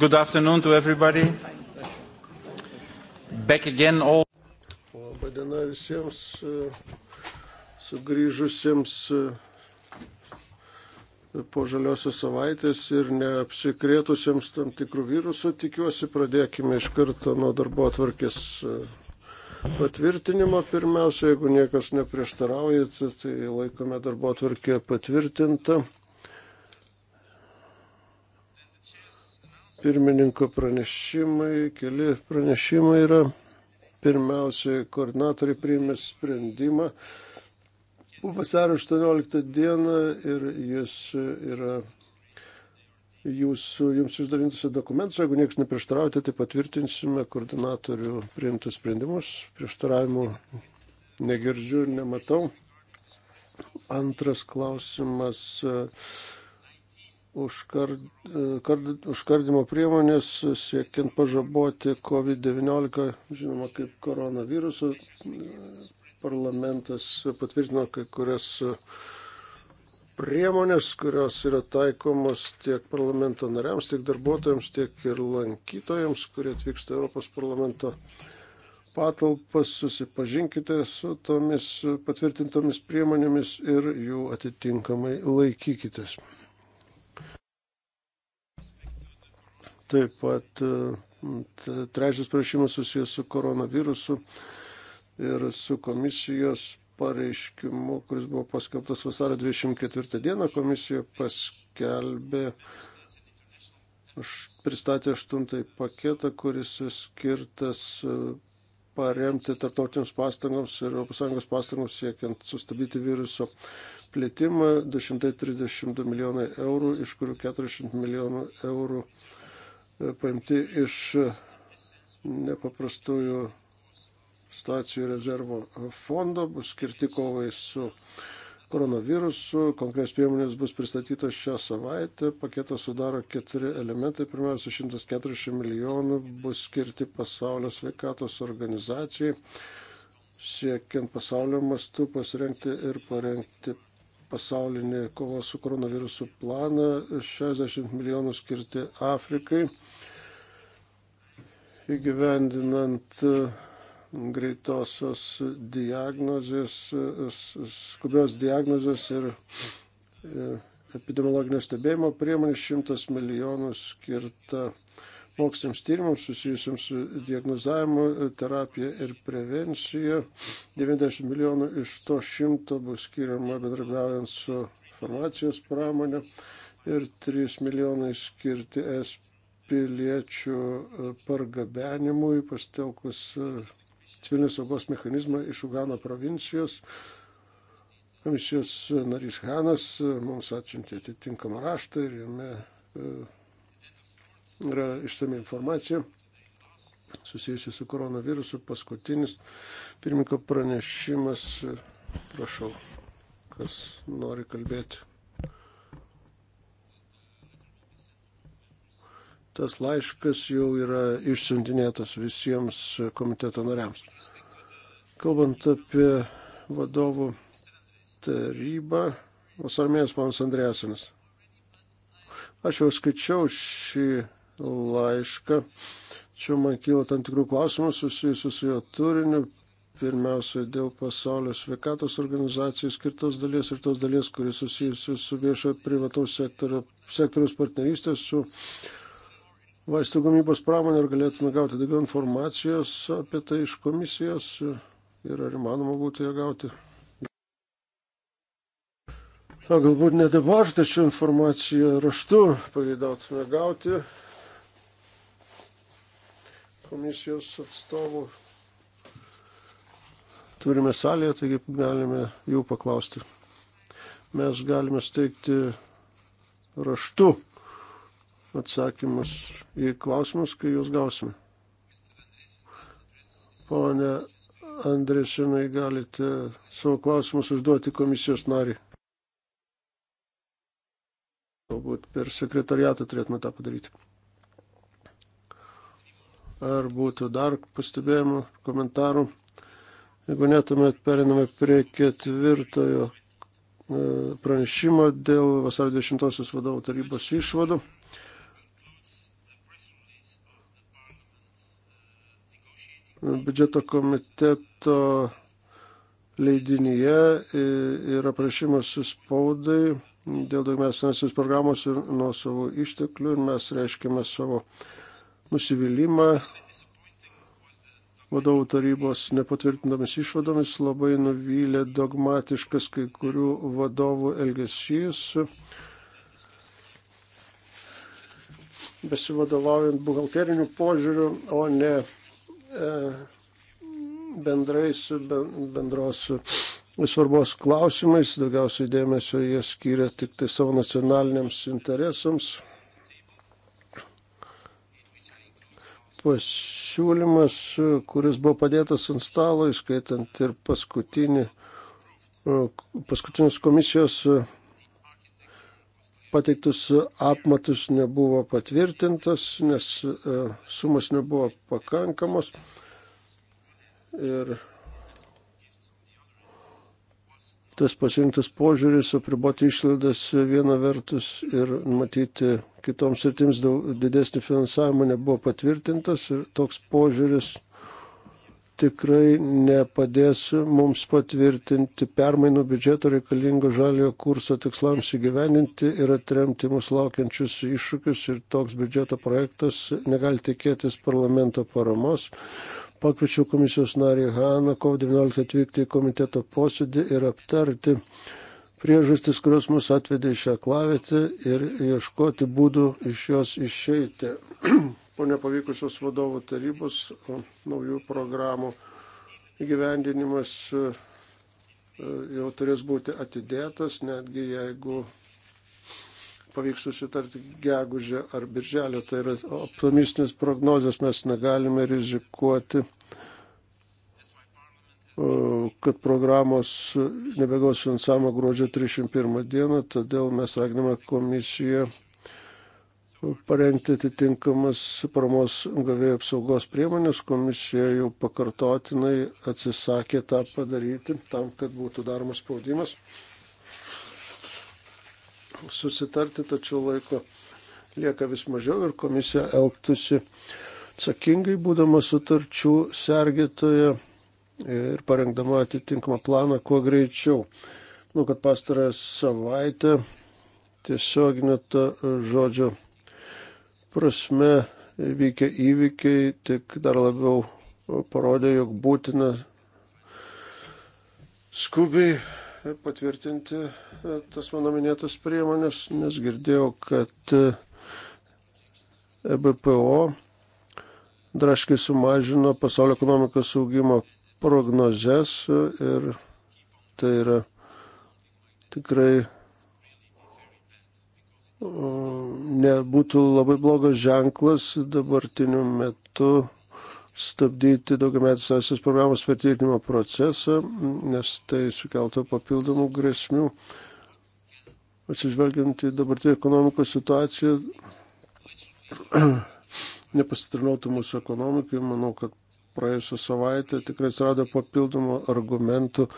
Good afternoon to everybody. Back again all. Labadiena visiems e, sugrįžusiems e, po žaliosios savaitės ir neapsikrėtusiems tam tikrų virusų. Tikiuosi, pradėkime iš karto nuo darbo atvarkės e, patvirtinimo. Pirmiausia, jeigu niekas neprieštaraujate, tai laikome darbo atvarkę patvirtintą. pirmininko pranešimai, keli pranešimai yra. Pirmiausiai, koordinatoriai priėmė sprendimą vasario 18 dieną ir jis yra jūsų, jums išdalintose dokumentuose, jeigu niekas neprieštaraujate, tai patvirtinsime koordinatorių priimtus sprendimus. Prieštaravimų negirdžiu ir nematau. Antras klausimas. Uh, užkard, kard, užkardimo priemonės siekiant pažaboti COVID-19, žinoma, kaip koronavirusų. Parlamentas patvirtino kai kurias priemonės, kurios yra taikomos tiek parlamento nariams, tiek darbuotojams, tiek ir lankytojams, kurie atvyksta Europos parlamento patalpas. Susipažinkite su tomis patvirtintomis priemonėmis ir jų atitinkamai laikykitės. Taip pat e, trečias prašymas susijęs su koronavirusu ir su komisijos pareiškimu, kuris buvo paskelbtas vasario 24 dieną. Komisija paskelbė, aš pristatė aštuntąjį paketą, kuris skirtas e, paremti tarptautiniams pastangoms ir ES pastangoms siekiant sustabdyti viruso plėtimą 232 milijonai eurų, iš kurių 40 milijonų eurų paimti iš nepaprastųjų stacijų rezervo fondo, bus skirti kovai su koronavirusu. Konkrės priemonės bus pristatytos šią savaitę. Paketą sudaro keturi elementai. Pirmiausia, 140 milijonų bus skirti pasaulio sveikatos organizacijai, siekiant pasaulio mastu pasirengti ir parengti pasaulinį kovos su koronavirusu planą, 60 milijonų skirti Afrikai, įgyvendinant e, greitosios diagnozės, skubios diagnozės ir e, epidemiologinio stebėjimo priemonės 100 milijonų skirta moksliniams tyrimams susijusiams su diagnozavimu, terapija ir prevencija. 90 milijonų iš to šimto bus skiriama bendradarbiaujant su farmacijos pramonė ir 3 milijonai skirti es piliečių e, pargabenimui pastelkus e, civilinės saugos mechanizmą iš Ugano provincijos. Komisijos narys Hanas e, mums atsiuntė atitinkamą raštą ir jame yra išsami informacija susijusi su koronavirusu. Paskutinis pirmininko pranešimas. Prašau, kas nori kalbėti. Tas laiškas jau yra išsiuntinėtas visiems komiteto nariams. Kalbant apie vadovų tarybą, vasarmės panas Andrėsinas. Aš jau skaičiau šį laišką. Čia man kyla tam tikrų klausimų susijusių su jo turiniu. Pirmiausia, dėl pasaulio sveikatos organizacijos skirtos dalies ir tos dalies, kuris susijusi su viešo privataus sektorio, sektoriaus partnerystės su vaistų gamybos pramonė. Ar galėtume gauti daugiau informacijos apie tai iš komisijos ir ar įmanoma būtų ją gauti? Na, galbūt ne dabar, tačiau informaciją raštu pageidautume gauti komisijos atstovų turime salėje, taigi galime jų paklausti. Mes galime steigti raštu atsakymus į klausimus, kai juos gausime. Pone Andresinai, galite savo klausimus užduoti komisijos nariai. Galbūt per sekretariatą turėtume tą padaryti ar būtų dar pastebėjimų, komentarų. Jeigu netumėt, periname prie ketvirtojo e, pranešimo dėl vasario 20-osios vadovų tarybos išvadų. Biudžeto komiteto leidinyje e, yra prašymas spaudai dėl daugmės finansinės programos ir nuo savo išteklių ir mes reiškime savo uh, nusivylimą vadovų tarybos nepatvirtindomis išvadomis labai nuvylė dogmatiškas kai kurių vadovų elgesys, besivadovaujant buhalteriniu požiūriu, o ne e, bendrais, bendros svarbos klausimais. Daugiausiai dėmesio jie skiria tik tai savo nacionaliniams interesams pasiūlymas, kuris buvo padėtas ant stalo, įskaitant ir paskutinį, e, paskutinius komisijos e, pateiktus apmatus nebuvo patvirtintas, nes e, sumos nebuvo pakankamos. Ir tas pasirinktas požiūris apriboti išlaidas viena vertus ir matyti kitoms sritims didesnį finansavimą nebuvo patvirtintas ir toks požiūris tikrai nepadės mums patvirtinti permainų biudžeto reikalingo žaliojo kurso tikslams įgyveninti ir atremti mūsų laukiančius iššūkius ir toks biudžeto projektas negali tikėtis parlamento paramos pakviečiau komisijos narį Haną kovo 19 atvykti į komiteto posėdį ir aptarti priežastis, kurios mus atvedė į šią klavietę ir ieškoti būdų iš jos išeiti. po nepavykusios vadovų tarybos naujų programų įgyvendinimas e, e, jau turės būti atidėtas, netgi jeigu pavyks susitarti gegužę ar birželį. Tai yra optimistinės prognozijos, mes negalime rizikuoti, kad programos nebegaus finansavimo gruodžio 31 dieną, todėl mes raginame komisiją parengti atitinkamas paramos gavėjų apsaugos priemonės. Komisija jau pakartotinai atsisakė tą padaryti tam, kad būtų daromas spaudimas susitarti, tačiau laiko lieka vis mažiau ir komisija elgtųsi atsakingai, būdama sutarčių sergėtoje ir parengdama atitinkamą planą kuo greičiau. Manau, kad pastarąją savaitę tiesioginio to žodžio prasme vykę įvykiai tik dar labiau parodė, jog būtina skubiai patvirtinti e, tas mano minėtas priemonės, nes girdėjau, kad EBPO e draškai sumažino pasaulio ekonomikos augimo prognozes e, ir tai yra tikrai nebūtų labai blogas ženklas dabartiniu metu stabdyti daugiametės laisvės programos patvirtinimo procesą, nes tai sukeltų papildomų grėsmių. Atsižvelgiant į dabartinį ekonomikos situaciją, nepasitarnautų mūsų ekonomikai, manau, kad praėjusią savaitę tikrai atsirado papildomų argumentų,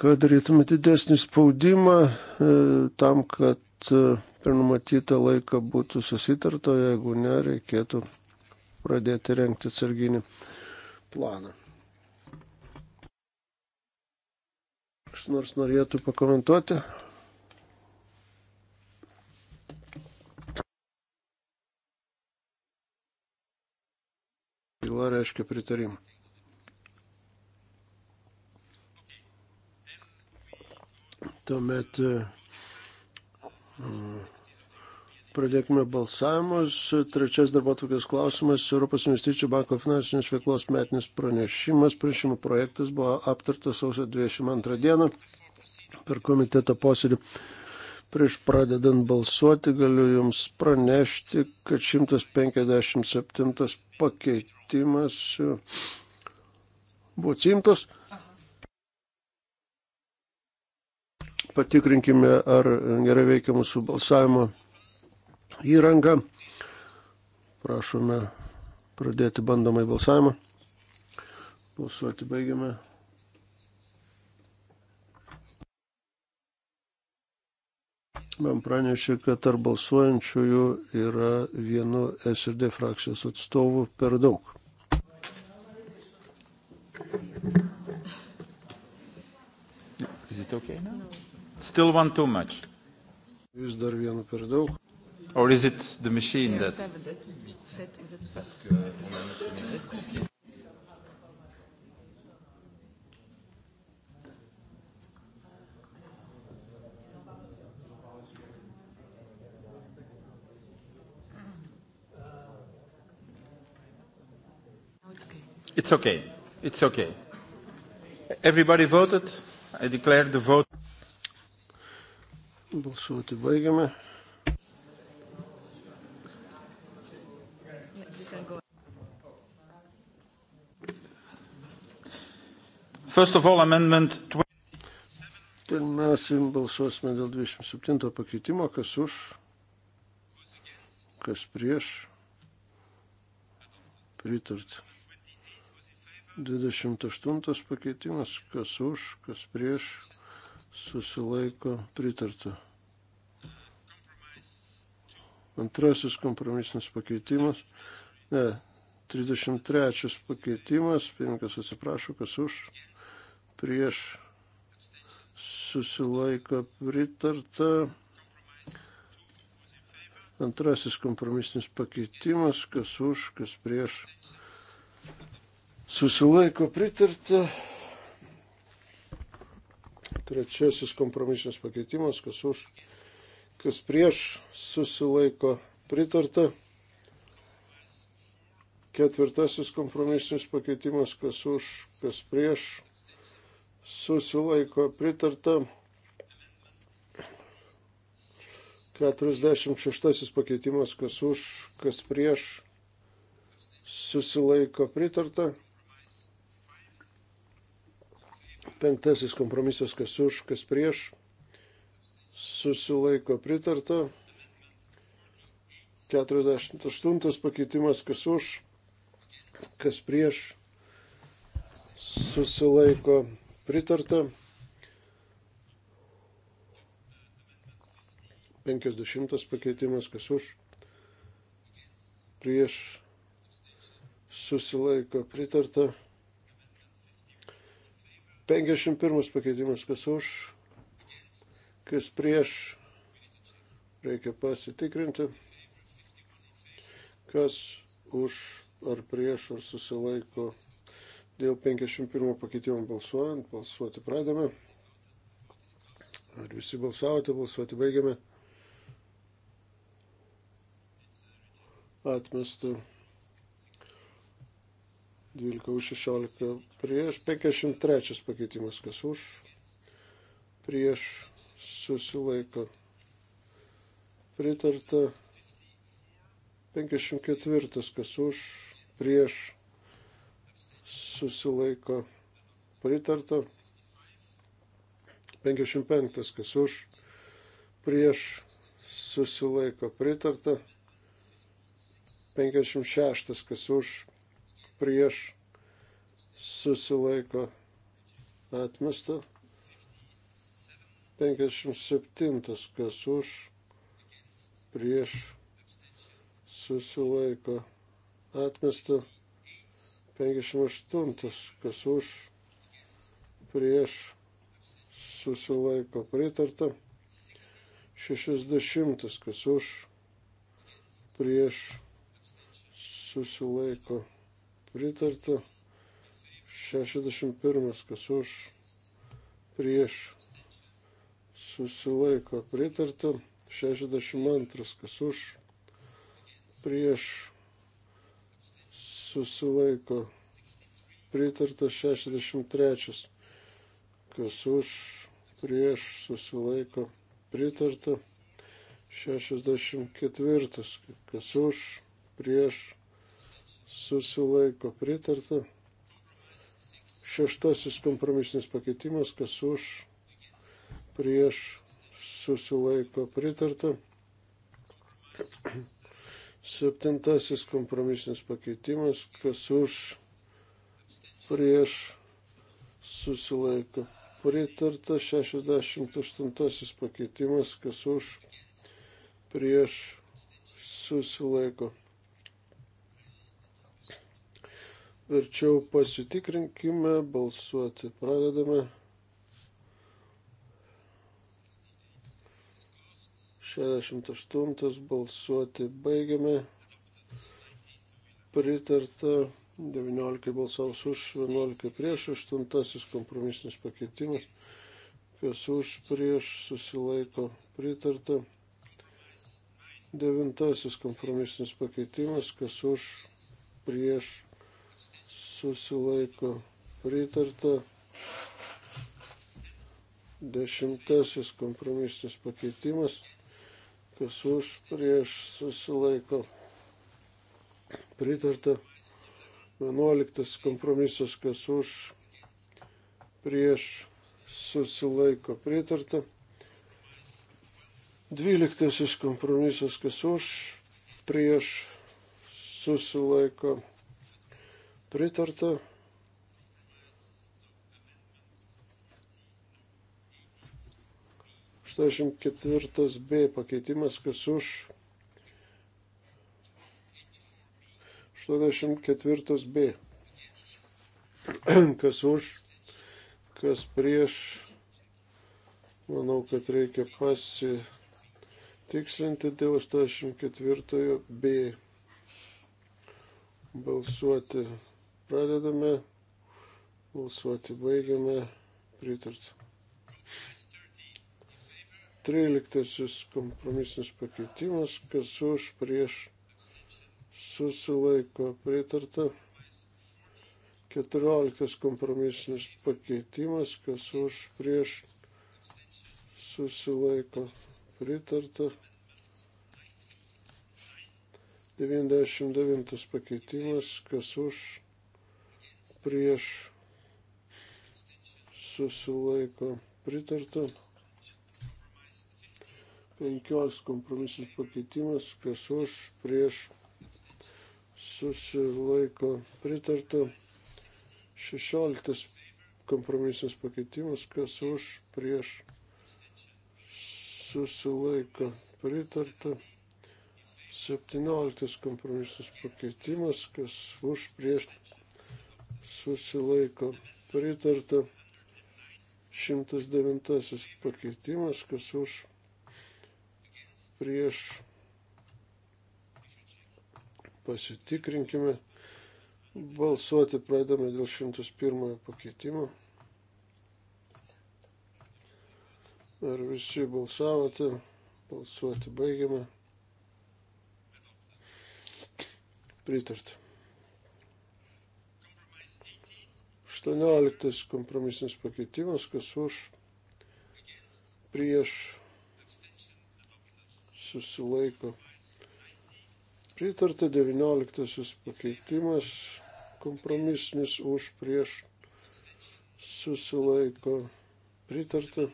kad darytume didesnį spaudimą e, tam, kad e, per numatytą laiką būtų susitarta, jeigu ne, reikėtų pradėti renkti atsarginį planą. Aš nors norėtų pakomentuoti. Byla reiškia pritarimą. Tuomet mm, Pradėkime balsavimus. Trečias darbo tokias klausimas. Europos investicijų banko finansinės veiklos metinis pranešimas. Pranešimų projektas buvo aptartas sausio 22 dieną per komiteto posėdį. Prieš pradedant balsuoti galiu Jums pranešti, kad 157 pakeitimas buvo atsimtas. patikrinkime, ar gerai veikia mūsų balsavimo įrangą. Prašome pradėti bandomai balsavimą. Balsuoti baigiame. Man pranešė, kad tarp balsuojančiųjų yra vienu SRD frakcijos atstovu per daug. Okay Vis dar vienu per daug. Or is it the machine that... Parce qu'on a M. Negrescu qui est... It's okay. It's okay. Everybody voted. I declare the vote. Balsuoti baigiame. First of all, amendment 20. Pirmiausia, balsuosime dėl 27 pakeitimo, kas už, kas prieš, pritart. 28 pakeitimas, kas už, kas prieš, susilaiko pritarta. Antrasis kompromisinis pakeitimas, ne, 33 pakeitimas, pirmininkas atsiprašo, kas už, prieš susilaiko pritarta. Antrasis kompromisinis pakeitimas, kas už, kas prieš susilaiko pritarta. Trečiasis kompromisinis pakeitimas, kas už, kas prieš susilaiko pritarta. Ketvirtasis kompromisinis pakeitimas, kas už, kas prieš, susilaiko pritarta. 46 pakeitimas, kas už, kas prieš, susilaiko pritarta. Penktasis kompromisas, kas už, kas prieš, susilaiko pritarta. 48 pakeitimas, kas už, kas prieš susilaiko pritarta. 50 pakeitimas, kas už prieš susilaiko pritarta. 51 pakeitimas, kas už, kas prieš, reikia pasitikrinti, kas už ar prieš, ar susilaiko. Dėl 51 pakeitimo balsuojant, balsuoti pradame. Ar visi balsavote, balsuoti baigiame. Atmesta. 12 už 16 prieš, 53 pakeitimas kas už, prieš susilaiko. Pritarta 54 kas už, prieš susilaiko pritarta. 55 kas už prieš susilaiko pritarta. 56 kas už prieš susilaiko atmesta. 57 kas už prieš susilaiko atmesta atmesta 58, kas už, prieš, susilaiko pritarta 60, kas už, prieš, susilaiko pritarta 61, kas už, prieš, susilaiko pritarta 62, kas už, prieš, susilaiko. Pritarta 63. Kas už, prieš, susilaiko. Pritarta 64. Kas už, prieš, susilaiko. Pritarta. Šeštasis kompromisinis pakeitimas. Kas už, prieš, susilaiko. Pritarta. Septintasis kompromisinis pakeitimas, kas už, prieš, susilaiko. Pritarta 68 pakeitimas, kas už, prieš, susilaiko. Verčiau pasitikrinkime, balsuoti pradedame. 68 balsuoti baigiame. Pritarta 19 balsaus už, 11 prieš, 8 kompromisinis pakeitimas. Kas už, prieš, susilaiko pritarta. 9 kompromisinis pakeitimas. Kas už, prieš, susilaiko pritarta. Dešimtasis kompromisinis pakeitimas kas už prieš susilaiko pritarta. 11 kompromisas, kas už prieš susilaiko pritarta. 12 kompromisas, kas už prieš susilaiko pritarta. 84 B pakeitimas, kas už. 84 B. Kas už, kas prieš. Manau, kad reikia pasitikslinti dėl 84 B. Balsuoti pradedame, balsuoti baigiame, pritarti. Tryliktasis kompromisinis pakeitimas, kas už prieš susilaiko pritarta. Keturioliktas kompromisinis pakeitimas, kas už prieš susilaiko pritarta. 99 pakeitimas, kas už, prieš, susilaiko, pritarta. Penkios kompromisus pakeitimas, kas už, prieš, susilaiko pritarta. Šešioliktas kompromisus pakeitimas, kas už, prieš, susilaiko pritarta. 17 kompromisas pakeitimas, kas už prieš susilaiko pritarta. 109 pakeitimas, kas už prieš pasitikrinkime. Balsuoti pradame dėl 101 pakeitimo. Ar visi balsavote? Balsuoti baigiame. Pritarti. 18 kompromisinis pakeitimas, kas už prieš susilaiko. Pritarta 19 pakeitimas, kompromisnis už prieš susilaiko. Pritarta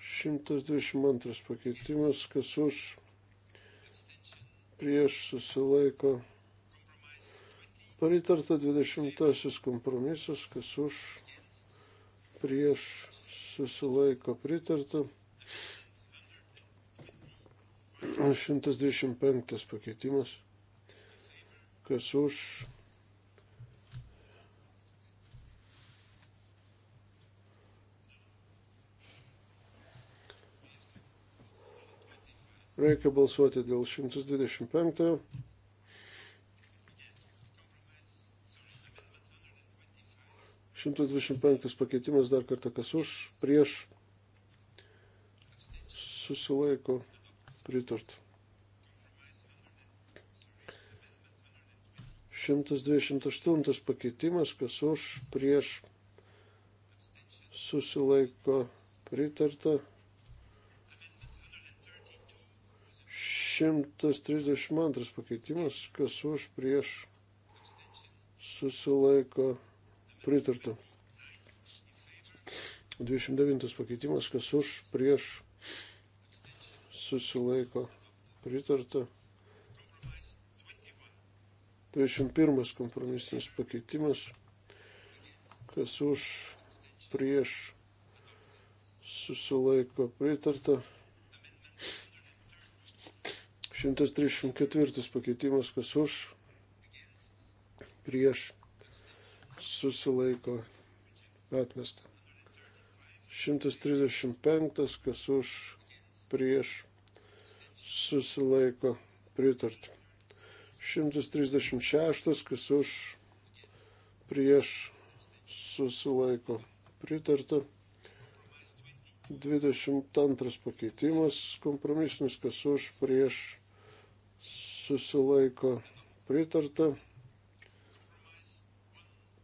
122 pakeitimas, kas už prieš susilaiko. Pritarta 20 kompromisas, kas už prieš susilaiko pritarta. 125 pakeitimas. Kas už? Reikia balsuoti dėl 125. Šimtas dvidešimt penktas pakeitimas dar kartą kas už, prieš susilaiko pritarta. 128 pakeitimas, kas už, prieš susilaiko pritarta. 132 pakeitimas, kas už, prieš susilaiko pritarta. 29 pakeitimas, kas už, prieš susilaiko pritarta susilaiko pritarta. 21 kompromisinis pakeitimas, kas už prieš susilaiko pritarta. 134 pakeitimas, kas už prieš susilaiko atmesta. 135, kas už prieš susilaiko pritarta. 136, kas už prieš susilaiko pritarta. 22 pakeitimas kompromisinis, kas už prieš susilaiko pritarta.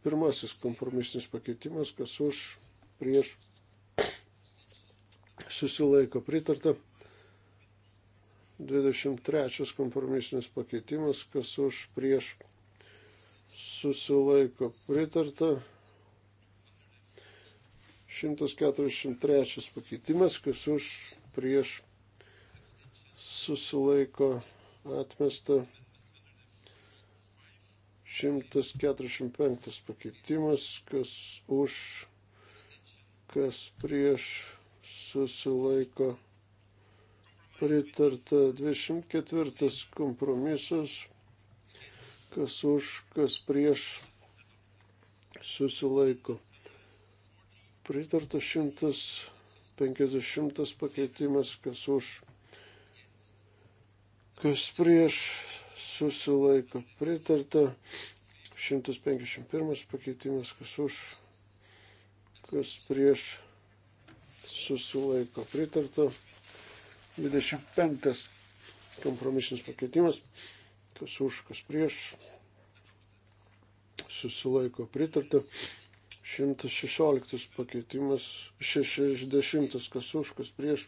Pirmasis kompromisinis pakeitimas, kas už prieš susilaiko pritarta. 23 kompromisinis pakeitimas, kas už prieš susilaiko pritarta. 143 pakeitimas, kas už prieš susilaiko atmesta. 145 pakeitimas, kas už, kas prieš susilaiko atmesta pritarta 24 kompromisas, kas už, kas prieš susilaiko. Pritarta 150 pakeitimas, kas už, kas prieš susilaiko. Pritarta 151 pakeitimas, kas už, kas prieš susilaiko. Pritarta 25 kompromisinis pakeitimas, kas už, kas prieš, susilaiko pritarta. 116 pakeitimas, 60 kas už, kas prieš,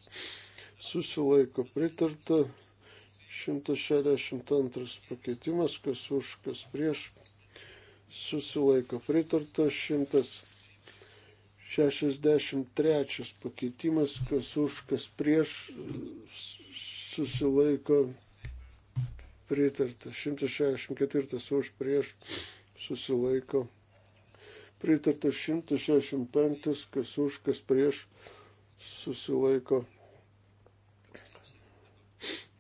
susilaiko pritarta. 162 pakeitimas, kas už, kas prieš, susilaiko pritarta. 100 63 pakeitimas, kas už, kas prieš susilaiko pritarta. 164 už, prieš susilaiko pritarta. 165 kas už, kas prieš susilaiko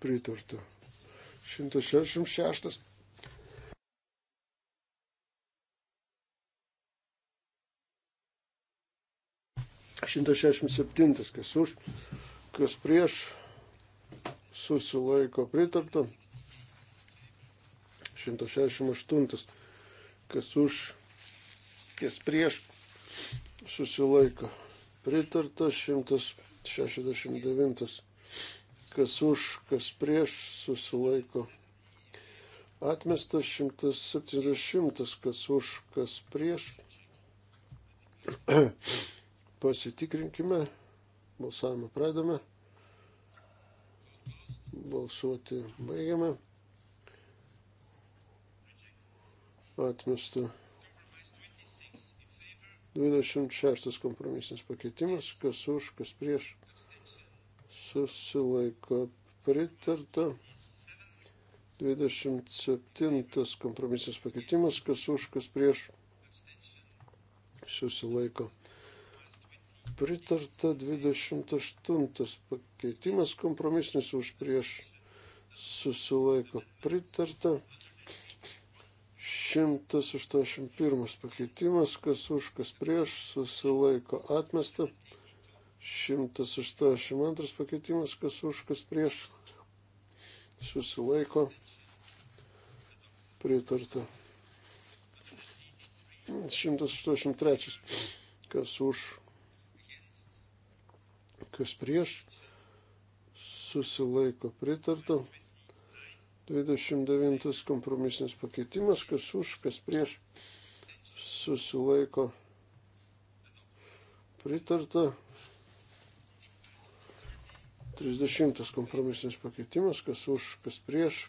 pritarta. 166 167, kas už, kas prieš, susilaiko pritarta. 168, kas už, kas prieš, susilaiko pritarta. 169, kas už, kas prieš, susilaiko atmestas 170, kas už, kas prieš. Pasitikrinkime. Balsavimą pradame. Balsuoti baigiame. Atmesta. 26 kompromisinis pakeitimas, kas už, kas prieš, susilaiko pritarta. 27 kompromisinis pakeitimas, kas už, kas prieš, susilaiko pritarta pritarta 28 pakeitimas kompromisinis už prieš susilaiko pritarta. 181 pakeitimas, kas už, kas prieš, susilaiko atmesta. 182 pakeitimas, kas už, kas prieš, susilaiko pritarta. 183, kas už, kas prieš, susilaiko pritarta. 29 kompromisinis pakeitimas, kas už, kas prieš, susilaiko pritarta. 30 kompromisinis pakeitimas, kas už, kas prieš,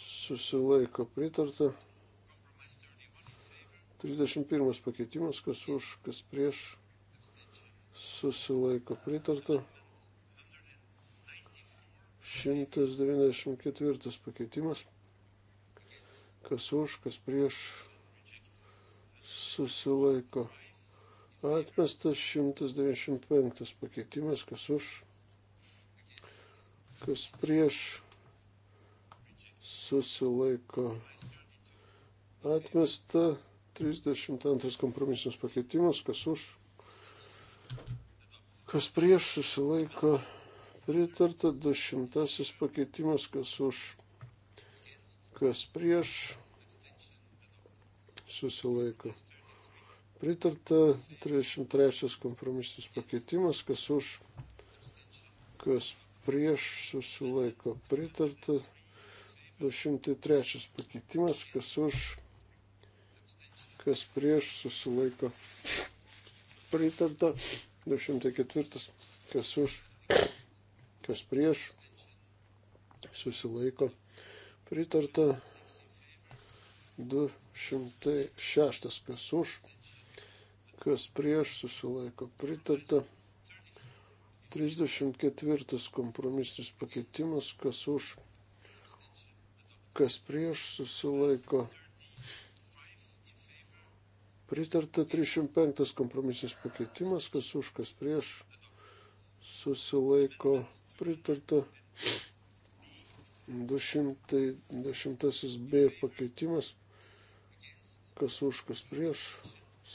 susilaiko pritarta. 31 pakeitimas, kas už, kas prieš, susilaiko pritarta. 194 pakeitimas. Kas už, kas prieš susilaiko. Atmestas 195 pakeitimas. Kas už, kas prieš susilaiko. Atmesta 32 kompromisinis pakeitimas. Kas už kas prieš susilaiko pritarta, 200 pakeitimas, kas už, kas prieš susilaiko. Pritarta 33 kompromisinis pakeitimas, kas už, kas prieš susilaiko. Pritarta 203 pakeitimas, kas už, kas prieš susilaiko. Pritarta 204, kas už, kas prieš, susilaiko. Pritarta 206, kas už, kas prieš, susilaiko. Pritarta 34 kompromisinis pakeitimas, kas už, kas prieš, susilaiko. Pritarta 305 kompromisis pakeitimas, kas už, kas prieš, susilaiko pritarta 210 B pakeitimas, kas už, kas prieš,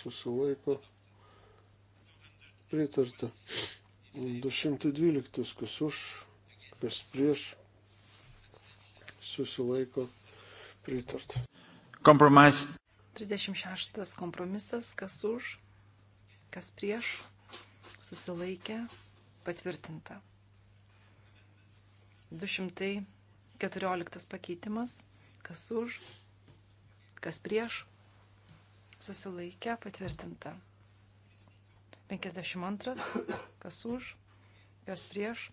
susilaiko pritarta 212, kas už, kas prieš, susilaiko pritarta. Kompromis 36 kompromisas, kas už, kas prieš, susilaikė, patvirtinta. 214 pakeitimas, kas už, kas prieš, susilaikė, patvirtinta. 52, kas už, kas prieš,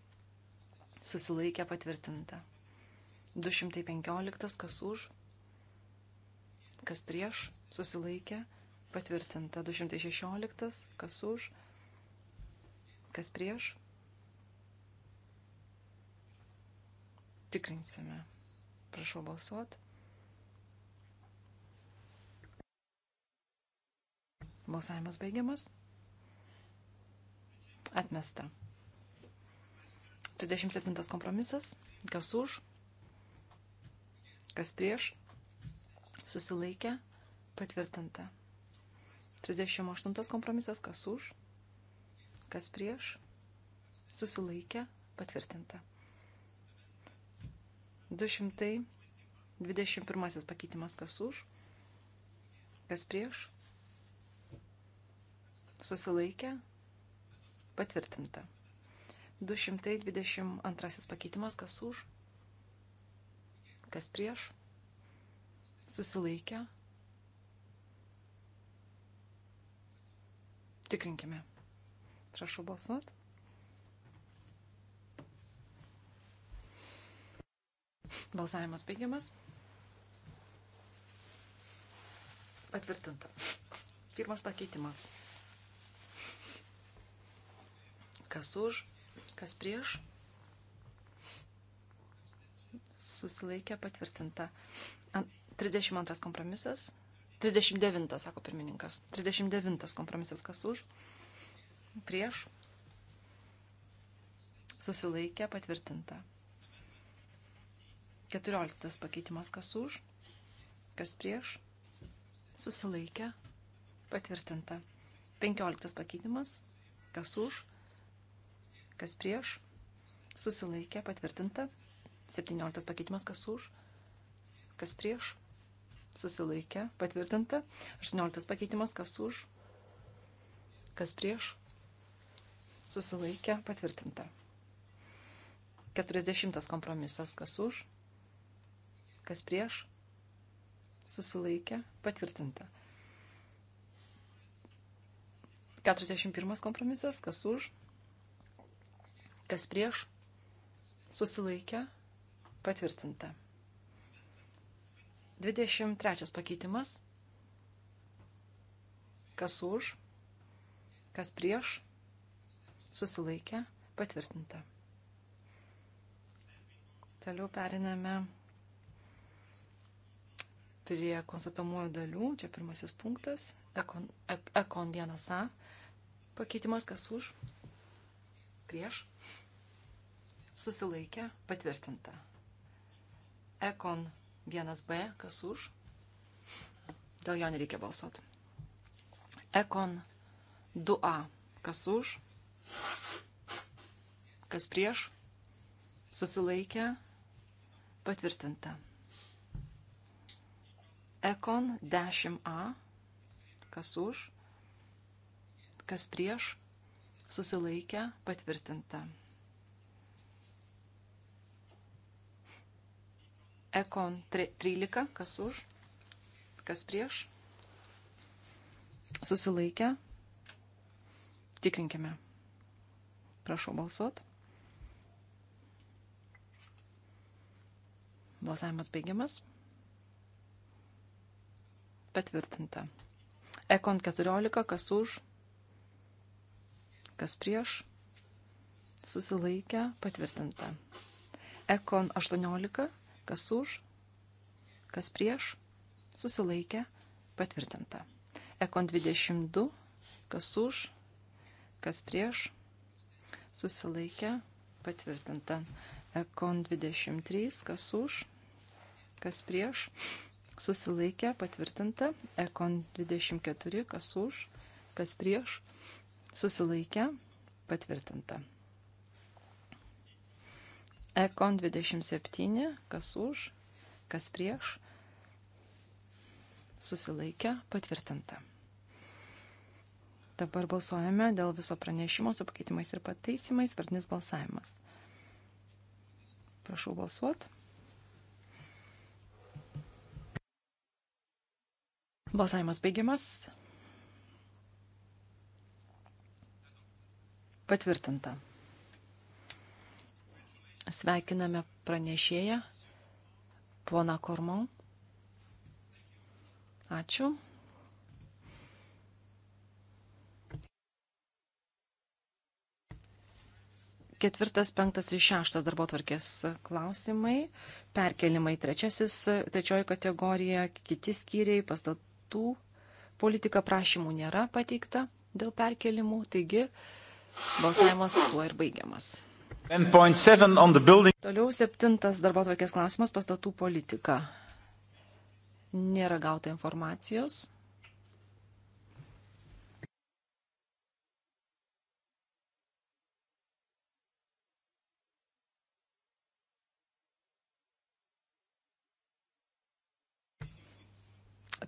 susilaikė, patvirtinta. 215, kas už, kas prieš, susilaikė, patvirtinta 216, kas už, kas prieš. Tikrinsime. Prašau balsuot. Balsavimas baigiamas. Atmesta. 37 kompromisas. Kas už, kas prieš, susilaikė, Patvirtinta. 38 kompromisas, kas už, kas prieš, susilaikė, patvirtinta. 221 pakeitimas, kas už, kas prieš, susilaikė, patvirtinta. 222 pakeitimas, kas už, kas prieš, susilaikė, Tikrinkime. Prašau balsuot. Balsavimas baigiamas. Patvirtinta. Pirmas pakeitimas. Kas už, kas prieš. Susilaikė patvirtinta. 32 kompromisas. 39, sako pirmininkas. 39 kompromisas kas už. Prieš. Susilaikė patvirtinta. 14 pakeitimas kas už. Kas prieš. Susilaikė patvirtinta. 15 pakeitimas kas už. Kas prieš. Susilaikė patvirtinta. 17 pakeitimas kas už. Kas prieš susilaikė, patvirtinta. 18 pakeitimas, kas už, kas prieš, susilaikė, patvirtinta. 40 kompromisas, kas už, kas prieš, susilaikė, patvirtinta. 41 kompromisas, kas už, kas prieš, susilaikė, patvirtinta. 23 pakeitimas. Kas už, kas prieš, susilaikė, patvirtinta. Toliau periname prie konstatomųjų dalių. Čia pirmasis punktas. Ekon, ek, ekon 1A. Pakeitimas kas už, prieš, susilaikė, patvirtinta. Ekon 1A. 1B, kas už. Dėl jo nereikia balsuoti. Ekon 2A, kas už. Kas prieš. Susilaikė. Patvirtinta. Ekon 10A, kas už. Kas prieš. Susilaikė. Patvirtinta. Ekon 13, kas už, kas prieš. Susilaikę. Tikrinkime. Prašau balsuot. Balsavimas baigiamas. Patvirtinta. Ekon 14, kas už, kas prieš, susilaikę, patvirtinta. Ekon 18, Kas už, kas prieš, susilaikė, patvirtinta. Ekon 22, kas už, kas prieš, susilaikė, patvirtinta. Ekon 23, kas už, kas prieš, susilaikė, patvirtinta. Ekon 24, kas už, kas prieš, susilaikė, patvirtinta. Ekon 27, kas už, kas prieš, susilaikė patvirtinta. Dabar balsuojame dėl viso pranešimo su pakeitimais ir pataisimais vardinis balsavimas. Prašau balsuot. Balsavimas baigiamas. Patvirtinta. Sveikiname pranešėją, pona Kormon. Ačiū. Ketvirtas, penktas ir šeštas darbo tvarkės klausimai. Perkelimai trečiasis, trečioji kategorija, kiti skyriai, pastatų politika prašymų nėra pateikta dėl perkelimų, taigi balsavimas tuo ir baigiamas. Toliau septintas darbo atvarkės klausimas - pastatų politika. Nėra gauta informacijos.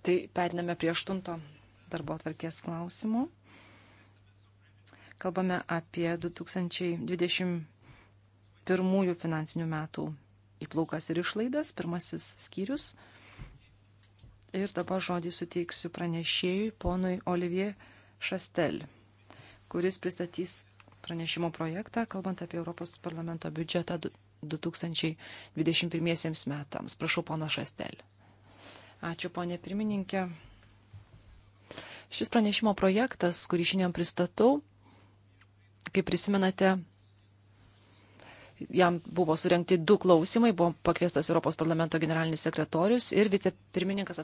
Tai periname prie aštunto darbo atvarkės klausimo. Kalbame apie 2020 pirmųjų finansinių metų įplaukas ir išlaidas, pirmasis skyrius. Ir dabar žodį suteiksiu pranešėjui ponui Olivier Šastel, kuris pristatys pranešimo projektą, kalbant apie Europos parlamento biudžetą 2021 metams. Prašau, pono Šastel. Ačiū, ponė pirmininkė. Šis pranešimo projektas, kurį šiandien pristatau, kaip prisimenate, jam buvo surinkti du klausimai, buvo pakviestas Europos parlamento generalinis sekretorius ir vicepirmininkas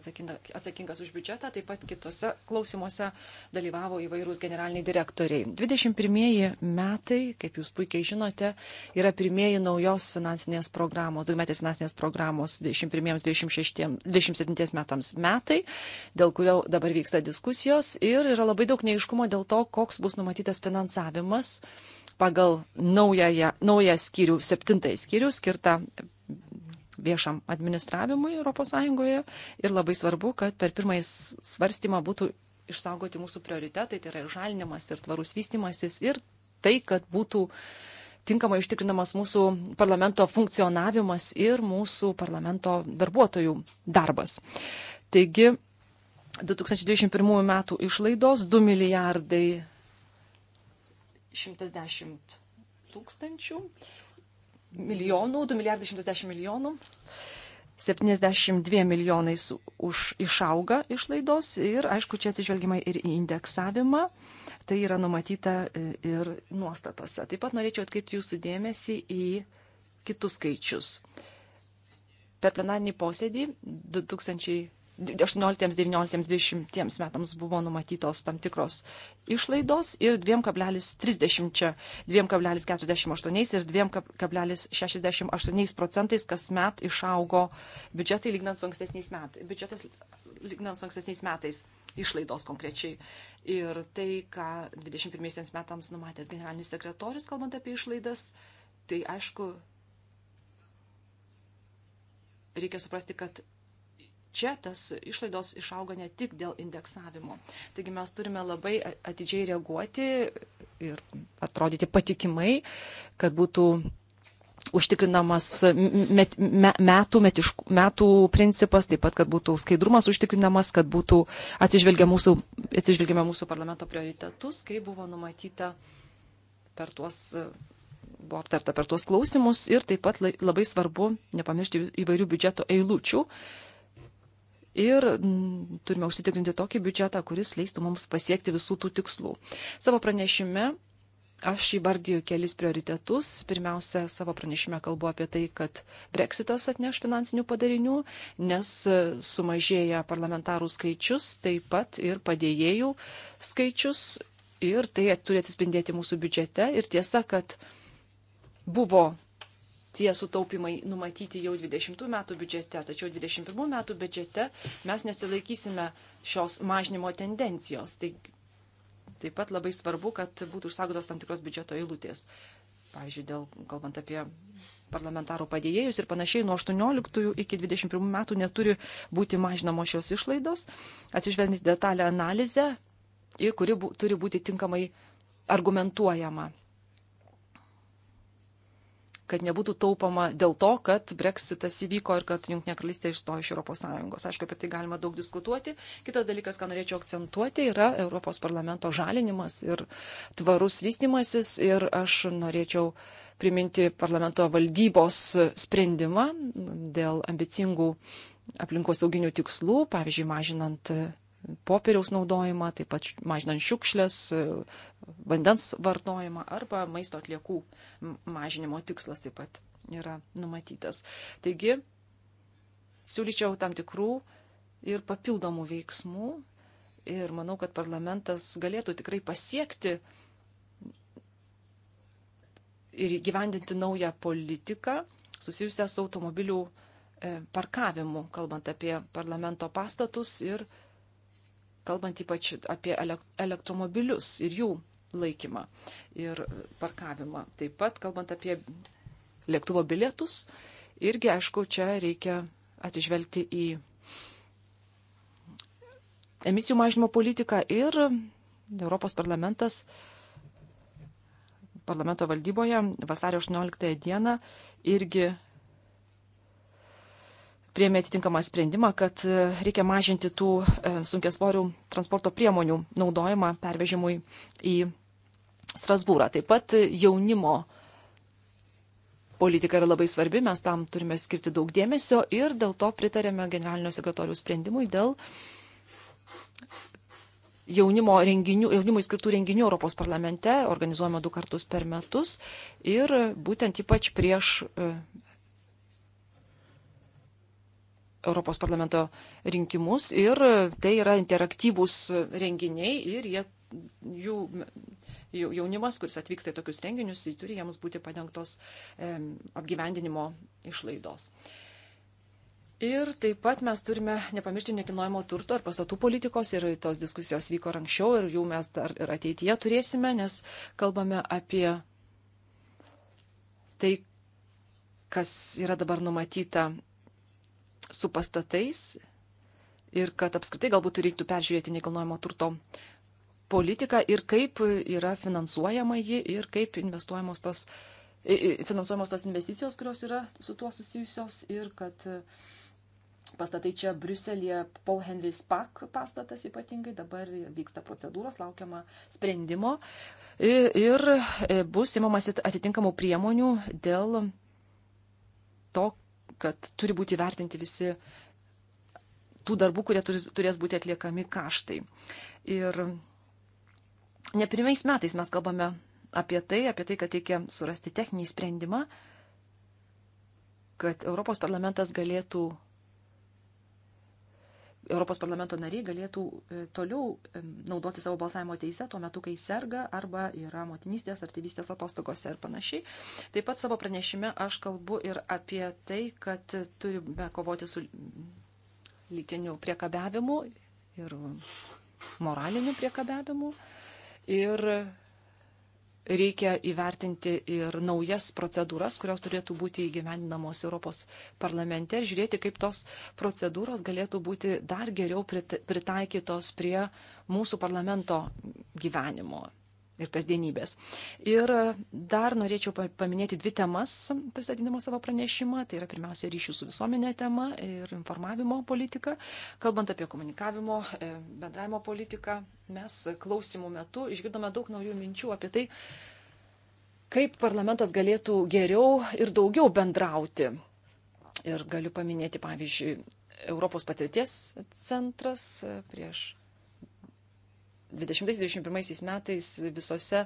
atsakingas už biudžetą, taip pat kitose klausimuose dalyvavo įvairūs generaliniai direktoriai. 21 metai, kaip jūs puikiai žinote, yra pirmieji naujos finansinės programos, daugmetės finansinės programos 21-27 metams metai, dėl kurio dabar vyksta diskusijos ir yra labai daug neiškumo dėl to, koks bus numatytas finansavimas. Thank you pagal naująją, naują skyrių, septintąjį skyrių skirtą viešam administravimui ES ir labai svarbu, kad per pirmąjį svarstymą būtų išsaugoti mūsų prioritetai, tai yra ir žalinimas, ir tvarus vystimasis, ir tai, kad būtų tinkamai užtikrinamas mūsų parlamento funkcionavimas ir mūsų parlamento darbuotojų darbas. Taigi, 2021 metų išlaidos 2 milijardai 110 tūkstančių milijonų, 2 milijardai 110 milijonų. 72 milijonais už išauga išlaidos ir, aišku, čia atsižvelgimai ir į indeksavimą. Tai yra numatyta e, ir nuostatose. Taip pat norėčiau atkreipti jūsų dėmesį į kitus skaičius. Per plenarinį posėdį 2000 18, 19, 20 metams buvo numatytos tam tikros išlaidos ir 2,30, 2,48 ir 2,68 procentais kasmet išaugo biudžetai lygnant su ankstesniais metais. Biudžetas lygnant su ankstesniais metais išlaidos konkrečiai. Ir tai, ką 21 metams numatęs generalinis sekretorius, kalbant apie išlaidas, tai aišku, reikia suprasti, kad čia tas išlaidos išauga ne tik dėl indeksavimo. Taigi mes turime labai atidžiai reaguoti ir atrodyti patikimai, kad būtų užtikrinamas met, met, metų, metišk, metų principas, taip pat, kad būtų skaidrumas užtikrinamas, kad būtų atsižvelgiama mūsų, atsižvelgiama mūsų parlamento prioritetus, kaip buvo numatyta per tuos, buvo aptarta per tuos klausimus ir taip pat labai svarbu nepamiršti įvairių biudžeto eilučių, ir turime užsitikrinti tokį biudžetą, kuris leistų mums pasiekti visų tų tikslų. Savo pranešime aš įvardyju kelis prioritetus. Pirmiausia, savo pranešime kalbu apie tai, kad breksitas atneš finansinių padarinių, nes sumažėja parlamentarų skaičius, taip pat ir padėjėjų skaičius ir tai turi atsispindėti mūsų biudžete. Ir tiesa, kad buvo tie sutaupimai numatyti jau 20 metų biudžete, tačiau 21 metų biudžete mes nesilaikysime šios mažnimo tendencijos. Tai, taip pat labai svarbu, kad būtų užsagotos tam tikros biudžeto eilutės. Pavyzdžiui, dėl, kalbant apie parlamentarų padėjėjus ir panašiai, nuo 18 iki 21 metų neturi būti mažinamos šios išlaidos, atsižvelgiant detalę analizę, kuri bu, turi būti tinkamai argumentuojama kad nebūtų taupoma dėl to, kad breksitas įvyko ir kad Junktinė karalystė išstojo iš ES. Aišku, apie tai galima daug diskutuoti. Kitas dalykas, ką norėčiau akcentuoti, yra Europos parlamento žalinimas ir tvarus vystimasis. Ir aš norėčiau priminti parlamento valdybos sprendimą dėl ambicingų aplinkosauginių tikslų, pavyzdžiui, mažinant popieriaus naudojimą, taip pat mažinant šiukšlės, vandens vartojimą arba maisto atliekų mažinimo tikslas taip pat yra numatytas. Taigi, siūlyčiau tam tikrų ir papildomų veiksmų ir manau, kad parlamentas galėtų tikrai pasiekti ir įgyvendinti naują politiką susijusią su automobilių e, parkavimu, kalbant apie parlamento pastatus ir pastatus kalbant ypač apie elektromobilius ir jų laikymą ir parkavimą. Taip pat, kalbant apie lėktuvo bilietus, irgi, aišku, čia reikia atsižvelgti į emisijų mažinimo politiką ir Europos parlamentas parlamento valdyboje vasario 18 dieną irgi priemė atitinkamą sprendimą, kad e, reikia mažinti tų e, sunkesvorių transporto priemonių naudojimą pervežimui į Strasbūrą. Taip pat jaunimo politika yra labai svarbi, mes tam turime skirti daug dėmesio ir dėl to pritarėme generalinio sekretorių sprendimui dėl jaunimo renginių, jaunimui skirtų renginių Europos parlamente, organizuojama du kartus per metus ir būtent ypač prieš e, Europos parlamento rinkimus ir tai yra interaktyvūs renginiai ir jie, jų, jų jaunimas, kuris atvyksta į tokius renginius, turi jiems būti padengtos e, apgyvendinimo išlaidos. Ir taip pat mes turime nepamiršti nekinojimo turto ar pastatų politikos ir tos diskusijos vyko anksčiau ir jų mes dar ir ateityje turėsime, nes kalbame apie tai, kas yra dabar numatyta su pastatais ir kad apskritai galbūt reiktų peržiūrėti nekilnojamo turto politiką ir kaip yra finansuojama ji ir kaip investuojamos tos, finansuojamos tos investicijos, kurios yra su tuo susijusios ir kad pastatai čia Briuselėje, Paul Henry Spak pastatas ypatingai, dabar vyksta procedūros, laukiama sprendimo ir e, bus įmamas atitinkamų priemonių dėl to, kad turi būti vertinti visi tų darbų, kurie turės būti atliekami kaštai. Ir ne pirmiais metais mes kalbame apie tai, apie tai, kad reikia surasti techninį sprendimą, kad Europos parlamentas galėtų Europos parlamento nariai galėtų e, toliau e, naudoti savo balsavimo teisę tuo metu, kai serga arba yra motinystės ar tėvystės atostogose ir panašiai. Taip pat savo pranešime aš kalbu ir apie tai, kad turime kovoti su lytiniu priekabiavimu ir moraliniu priekabiavimu. Ir reikia įvertinti ir naujas procedūras, kurios turėtų būti įgyvendinamos Europos parlamente ir žiūrėti, kaip tos procedūros galėtų būti dar geriau pritaikytos prie mūsų parlamento gyvenimo ir kasdienybės. Ir dar norėčiau paminėti dvi temas, pristatydama savo pranešimą. Tai yra pirmiausia ryšių su visuomenė tema ir informavimo politika. Kalbant apie komunikavimo, e, bendravimo politiką, mes klausimų metu išgirdome daug naujų minčių apie tai, kaip parlamentas galėtų geriau ir daugiau bendrauti. Ir galiu paminėti, pavyzdžiui, Europos patirties centras e, prieš 2020-2021 metais visose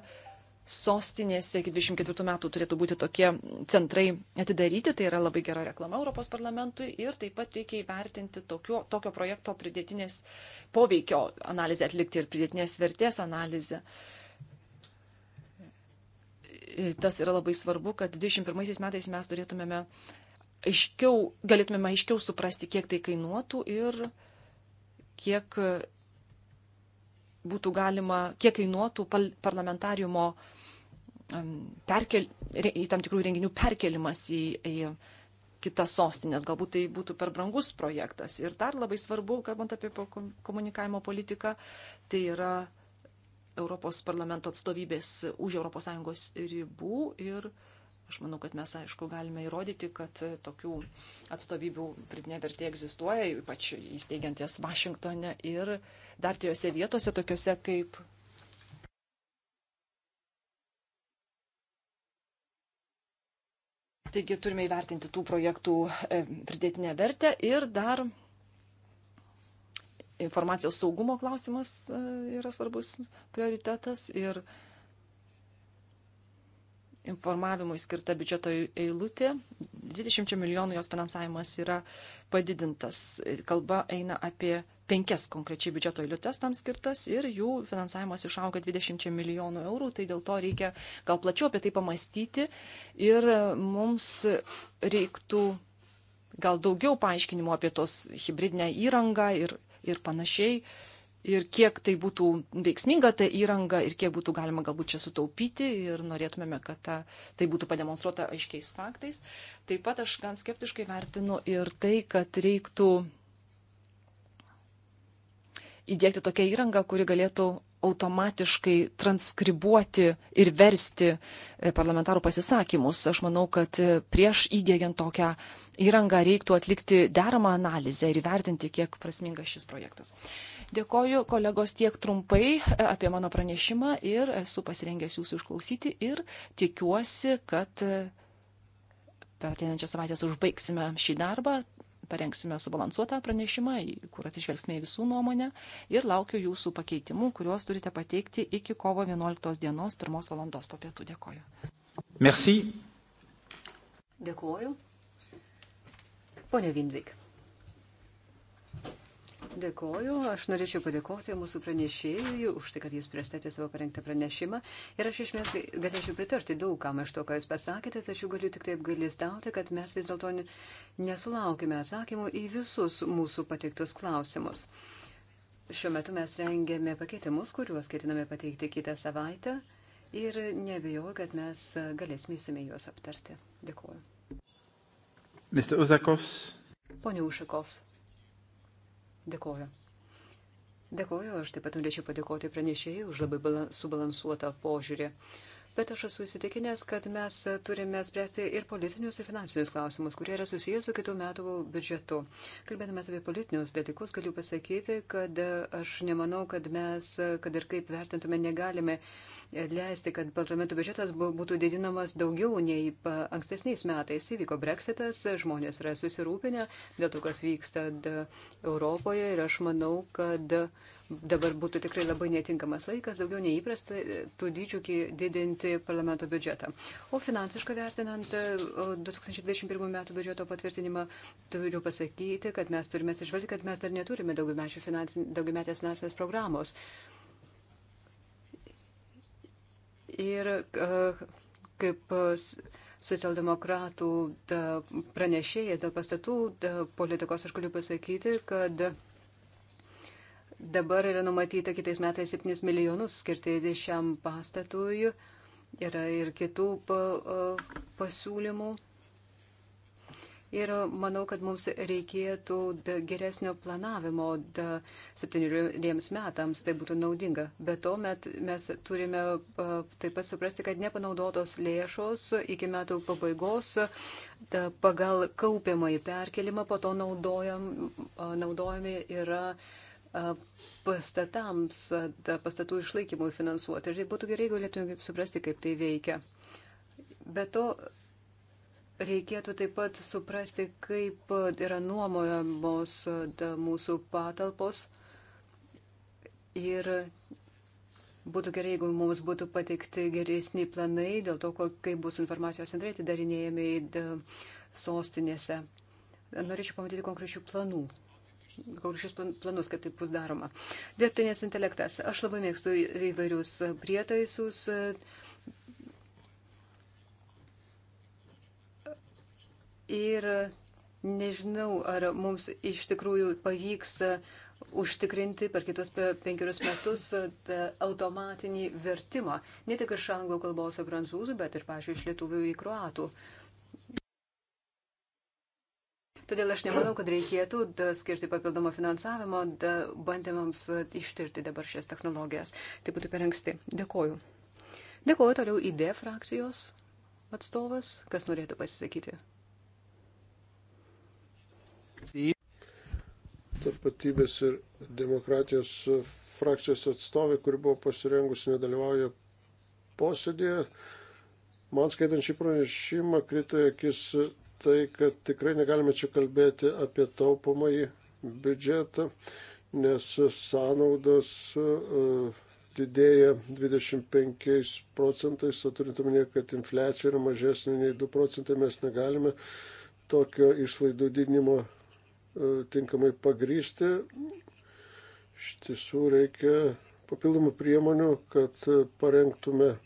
sostinėse iki 24 metų turėtų būti tokie centrai atidaryti, tai yra labai gera reklama Europos parlamentui ir taip pat reikia įvertinti tokio, tokio projekto pridėtinės poveikio analizę atlikti ir pridėtinės vertės analizę. Tas yra labai svarbu, kad 21 metais mes turėtumėme aiškiau, galėtumėme aiškiau suprasti, kiek tai kainuotų ir kiek būtų galima, kiek kainuotų parlamentariumo perkel, į tam tikrų renginių perkelimas į, į kitas sostinės. Galbūt tai būtų per brangus projektas. Ir dar labai svarbu, kalbant apie komunikavimo politiką, tai yra Europos parlamento atstovybės už ES ribų ir Aš manau, kad mes, aišku, galime įrodyti, kad e, tokių atstovybių pridinė vertė egzistuoja, ypač įsteigiant jas Vašingtone ir dar trijose vietose, tokiuose kaip. Taigi turime įvertinti tų projektų e, pridėtinę vertę ir dar informacijos saugumo klausimas e, yra svarbus prioritetas ir uh, informavimui skirta biudžeto eilutė. 20 milijonų jos finansavimas yra padidintas. Kalba eina apie penkias konkrečiai biudžeto eilutes tam skirtas ir jų finansavimas išauga 20 milijonų eurų, tai dėl to reikia gal plačiau apie tai pamastyti ir mums reiktų gal daugiau paaiškinimų apie tos hybridinę įrangą ir, ir panašiai ir kiek tai būtų veiksminga ta įranga ir kiek būtų galima galbūt čia sutaupyti ir norėtumėme, kad ta, tai būtų pademonstruota aiškiais faktais. Taip pat aš gan skeptiškai vertinu ir tai, kad reiktų įdėkti tokią įrangą, kuri galėtų automatiškai transkribuoti ir versti e, parlamentarų pasisakymus. Aš manau, kad e, prieš įdėgiant tokią įrangą reiktų atlikti deramą analizę ir įvertinti, kiek prasmingas šis projektas. Uh, Dėkoju kolegos tiek trumpai e, apie mano pranešimą ir esu pasirengęs jūsų išklausyti ir tikiuosi, kad e, per ateinančią savaitę užbaigsime šį darbą, parengsime subalansuotą pranešimą, kur atsižvelgsime į visų nuomonę ir laukiu jūsų pakeitimų, kuriuos turite pateikti iki kovo 11 dienos 1 valandos po pietų. Dėkoju. Merci. Dėkoju. Pone Vindzik. Dėkoju. Aš norėčiau padėkoti mūsų pranešėjui už tai, kad jis pristatė savo parengtą pranešimą. Ir aš iš mes galėčiau pritarti daugam iš to, ką jūs pasakėte, tačiau galiu tik taip galistauti, kad mes vis dėlto nesulaukime atsakymų į visus mūsų pateiktus klausimus. Šiuo metu mes rengėme pakeitimus, kuriuos ketiname pateikti kitą savaitę. Ir nebejoju, kad mes galėsime įsime juos aptarti. Dėkoju. Mr. Uzakovs. Pone Ušakovs. Dėkoju. Dėkoju, aš taip pat norėčiau padėkoti pranešėjai už labai subalansuotą požiūrį bet aš esu įsitikinęs, kad mes turime spręsti ir politinius, ir finansinius klausimus, kurie yra susijęs su kitų metų biudžetu. Kalbėdamas apie politinius dalykus, galiu pasakyti, kad aš nemanau, kad mes, kad ir kaip vertintume, negalime leisti, kad parlamento biudžetas būtų didinamas daugiau nei ankstesniais metais. Įvyko breksitas, žmonės yra susirūpinę dėl to, kas vyksta Europoje ir aš manau, kad uh, dabar būtų tikrai labai netinkamas laikas, daugiau neįprasta e, tų dydžių didinti parlamento biudžetą. O finansiškai vertinant 2021 e, metų biudžeto patvirtinimą, turiu pasakyti, kad mes turime atsižvelgti, kad mes dar neturime daugiametės finansinės programos. Ir e, kaip socialdemokratų pranešėjas dėl pastatų politikos, aš galiu pasakyti, kad Dabar yra numatyta kitais metais 7 milijonus skirti šiam pastatui. Yra ir kitų pasiūlymų. Ir manau, kad mums reikėtų geresnio planavimo septyneriems metams, tai būtų naudinga. Be to, met, mes turime taip pat suprasti, kad nepanaudotos lėšos iki metų pabaigos da, pagal kaupiamą į perkelimą po to naudojam, naudojami yra. Uh, pastatams, pastatų išlaikymui finansuoti. Ir tai būtų gerai, jeigu galėtume suprasti, kaip tai veikia. Be to, reikėtų taip pat suprasti, kaip yra nuomojamos mūsų patalpos. Ir būtų gerai, jeigu mums būtų pateikti geresni planai dėl to, kaip bus informacijos centrai atidarinėjami sostinėse. Norėčiau pamatyti konkrečių planų konkrečius planus, kaip tai bus daroma. Dirbtinės intelektas. Aš labai mėgstu įvairius prietaisus. Ir nežinau, ar mums iš tikrųjų pavyks užtikrinti per kitus penkerius metus automatinį vertimą. Ne tik iš anglų kalbos į prancūzų, bet ir, pažiūrėjau, iš lietuvių į kruatų. Uh, Todėl aš nemanau, kad reikėtų da, skirti papildomą finansavimą da, bandymams ištirti dabar šias technologijas. Tai būtų per anksti. Dėkoju. Dėkoju toliau ID frakcijos atstovas, kas norėtų pasisakyti. Tapatybės ir demokratijos frakcijos atstovė, kuri buvo pasirengusi nedalyvauja posėdėje. Man skaitant šį pranešimą, krito akis tai, kad tikrai negalime čia kalbėti apie taupomąjį biudžetą, nes sąnaudos e, didėja 25 procentais, o turint omenyje, kad infliacija yra mažesnė nei 2 procentai, mes negalime tokio išlaidų didinimo e, tinkamai pagrysti. Iš tiesų reikia papildomų priemonių, kad parengtume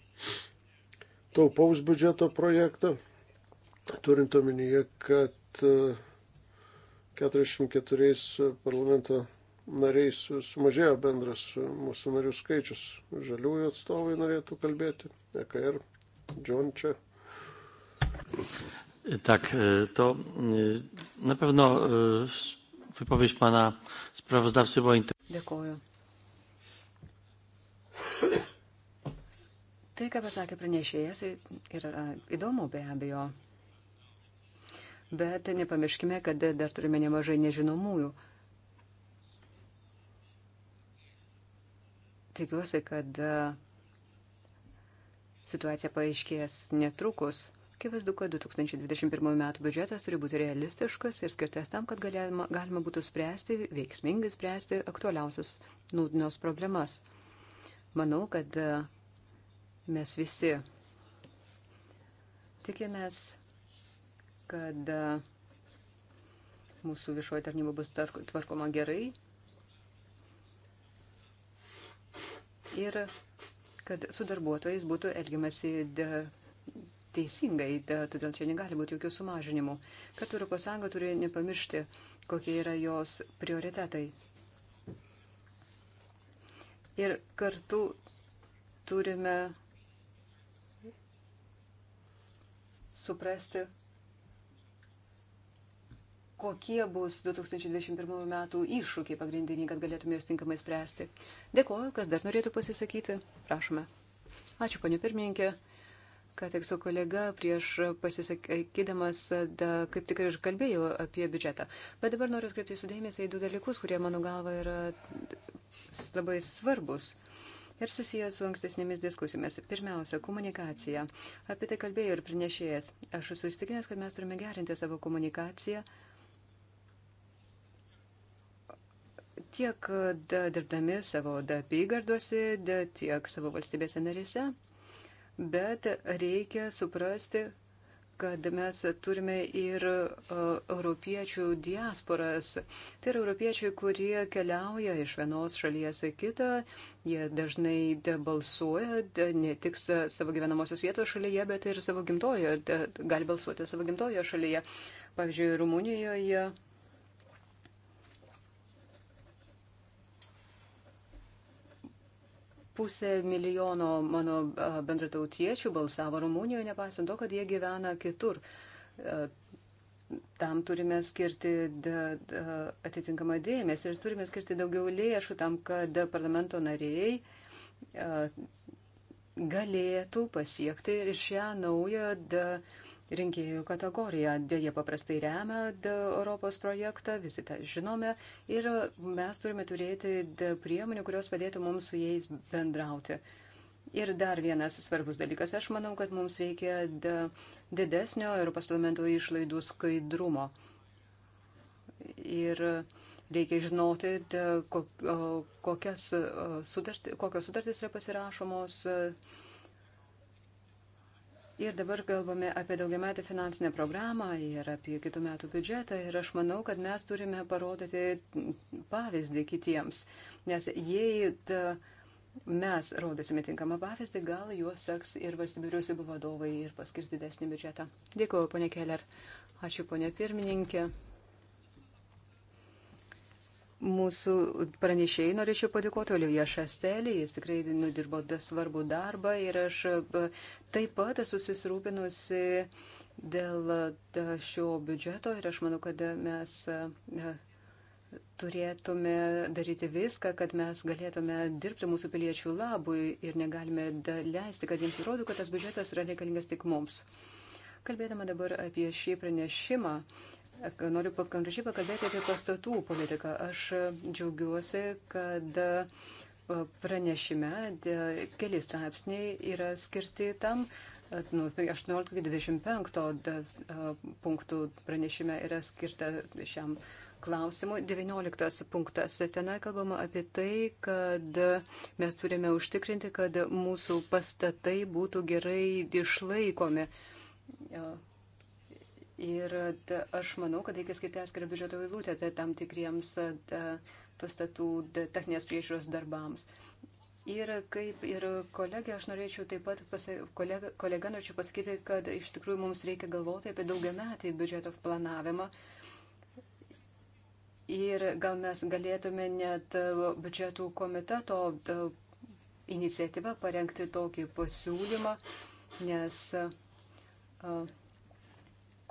taupaus biudžeto projektą turint omenyje, kad 44 e, parlamento nariais sumažėjo bendras mūsų narių skaičius. Žaliųjų atstovai norėtų kalbėti. EKR, John čia. Tak, e, to e, na pewno wypowiedź pana sprawozdawcy była interesująca. Dziękuję. Tai, ką pasakė pranešėjas, yra įdomu be abejo bet nepamirškime, kad dar turime nemažai nežinomųjų. Tikiuosi, kad e, situacija paaiškės netrukus. Akivaizdu, kad 2021 m. biudžetas turi būti realistiškas ir skirtas tam, kad galima, galima būtų spręsti, veiksmingai spręsti aktualiausias nūdienos problemas. Manau, kad e, mes visi tikimės kad e, mūsų viešoji tarnyba bus tvarkoma gerai ir kad su darbuotojais būtų elgiamasi e, teisingai, e, todėl čia negali būti jokių sumažinimų, kad ES turi nepamiršti, kokie yra jos prioritetai. Ir kartu turime suprasti, kokie bus 2021 metų iššūkiai pagrindiniai, kad galėtume juos tinkamai spręsti. Dėkuoju, kas dar norėtų pasisakyti. Prašome. Ačiū, ponė pirmininkė. Ką tik su kolega prieš pasisakydamas, da, kaip tik ir kalbėjau apie biudžetą. Bet dabar noriu atkreipti jūsų dėmesį į du dalykus, kurie mano galva yra labai svarbus ir susijęs su ankstesnėmis diskusijomis. Pirmiausia, komunikacija. Apie tai kalbėjo ir pranešėjas. Aš esu įstikinęs, kad mes turime gerinti savo komunikaciją. Uh, tiek e, dirbdami savo apygardose, tiek savo valstybėse narise, bet reikia suprasti, kad mes turime ir uh, europiečių diasporas. Tai yra europiečiai, kurie keliauja iš vienos šalies į kitą, jie dažnai balsuoja de, ne tik savo gyvenamosios vietos šalyje, bet ir savo gimtojoje, gali balsuoti savo gimtojoje šalyje. Pavyzdžiui, Rumunijoje Pusė milijono mano bendratautiečių balsavo Rumunijoje, nepaisant to, kad jie gyvena kitur. Tam turime skirti atitinkamą dėmesį ir turime skirti daugiau lėšų tam, kad parlamento nariai galėtų pasiekti ir šią naują rinkėjų kategoriją. Dėja paprastai remia Europos projektą, visi tą žinome ir mes turime turėti priemonių, kurios padėtų mums su jais bendrauti. Ir dar vienas svarbus dalykas, aš manau, kad mums reikia didesnio Europos parlamento išlaidų skaidrumo. Ir reikia žinoti, kokias sutartys, kokios sutartys yra pasirašomos, Ir dabar kalbame apie daugiametį finansinę programą ir apie kitų metų biudžetą. Ir aš manau, kad mes turime parodyti pavyzdį kitiems. Nes jei ta, mes rodysime tinkamą pavyzdį, gal juos seks ir valstybių vyriausybių vadovai ir paskirti didesnį biudžetą. Dėkuoju, ponė Keller. Ačiū, ponė pirmininkė mūsų pranešėjai norėčiau padėkoti Oliuje Šastelį, jis tikrai nudirbo svarbų darbą ir aš e, taip pat esu susirūpinusi dėl e, šio biudžeto ir aš manau, kad mes e, turėtume daryti viską, kad mes galėtume dirbti mūsų piliečių labui ir negalime leisti, kad jiems atrodo, kad tas biudžetas yra reikalingas tik mums. Kalbėdama dabar apie šį pranešimą, Noriu konkrečiai pakalbėti apie pastatų politiką. Aš džiaugiuosi, kad e, pranešime e, keli straipsniai yra skirti tam. E, nuo 18-25 punktų pranešime yra skirta šiam klausimui. 19 punktas. Tenai kalbama apie tai, kad mes turime užtikrinti, kad mūsų pastatai būtų gerai išlaikomi. Ir da, aš manau, kad reikia skirti atskirą biudžeto eilutę tai tam tikriems da, pastatų da, techninės priežiūros darbams. Ir kaip ir kolegė, aš norėčiau taip pat, pasa, kolega, kolega norėčiau pasakyti, kad iš tikrųjų mums reikia galvoti apie daugiametį biudžeto planavimą. Ir gal mes galėtume net e, biudžetų komiteto iniciatyvą parengti tokį pasiūlymą, nes. Uh,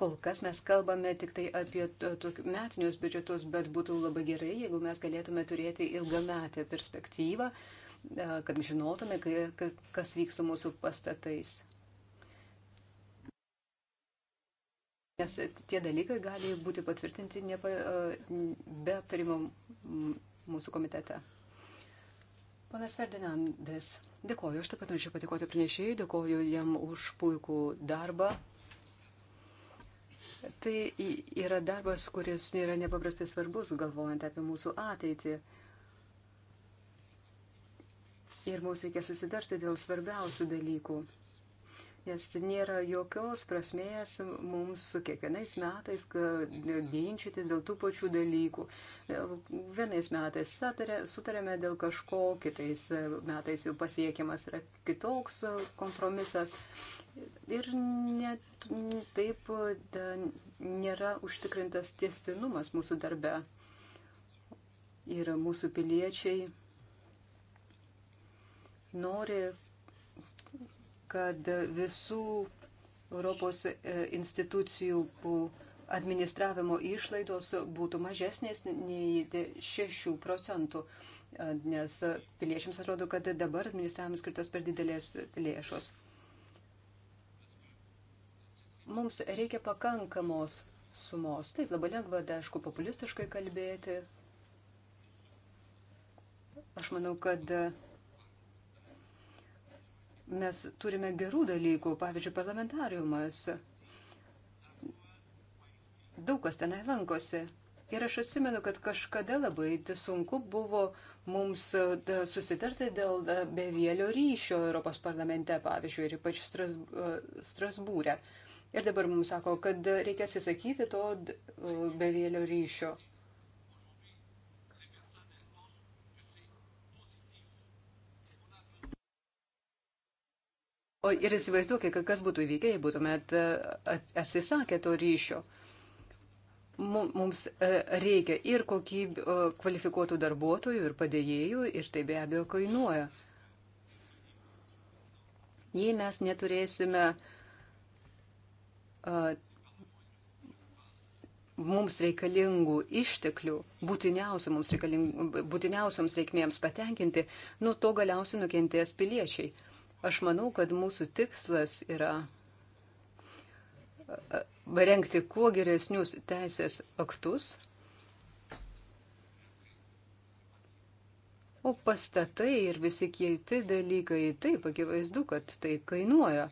Kol kas mes kalbame tik tai apie metinius biudžetus, bet būtų labai gerai, jeigu mes galėtume turėti ilgametę perspektyvą, e, kad žinotume, kas vyks su mūsų pastatais. Nes tie dalykai gali būti patvirtinti nepa, e, be aptarimo mūsų komitete. Ponas Ferdinandas, dėkoju, aš taip pat norėčiau patikoti pranešėjai, dėkoju jam už puikų darbą. Tai yra darbas, kuris yra nepaprastai svarbus, galvojant apie mūsų ateitį. Ir mums reikia susidarti dėl svarbiausių dalykų. Nes nėra jokios prasmės mums su kiekvienais metais ginčytis dėl tų pačių dalykų. Vienais metais sutarėme dėl kažko, kitais metais jau pasiekiamas yra kitoks kompromisas. Ir net taip da, nėra užtikrintas tiestinumas mūsų darbe. Ir mūsų piliečiai nori, kad visų Europos e, institucijų administravimo išlaidos būtų mažesnės nei 6 procentų, e, nes piliečiams atrodo, kad dabar administravimas skirtos per didelės lėšos mums reikia pakankamos sumos. Taip, labai lengva, da, aišku, populistiškai kalbėti. Aš manau, kad e, mes turime gerų dalykų, pavyzdžiui, parlamentariumas. Daug kas tenai lankosi. Ir aš atsimenu, kad kažkada labai sunku buvo mums e, susitarti dėl e, bevėlio ryšio Europos parlamente, pavyzdžiui, ir ypač Strasbūrė. E. Ir dabar mums sako, kad reikia atsisakyti to bevėlio ryšio. O ir įsivaizduokite, kas būtų įvykę, jei būtumėt e, atsisakę to ryšio mums e, reikia ir kokyb, kvalifikuotų darbuotojų, ir padėjėjų, ir tai be abejo kainuoja. Jei mes neturėsime uh, mums reikalingų išteklių, būtiniausia mums būtiniausiams reikmėms patenkinti, nuo to galiausiai nukentės piliečiai. Aš manau, kad mūsų tikslas yra rengti kuo geresnius teisės aktus, o pastatai ir visi kiti dalykai, taip, akivaizdu, kad tai kainuoja.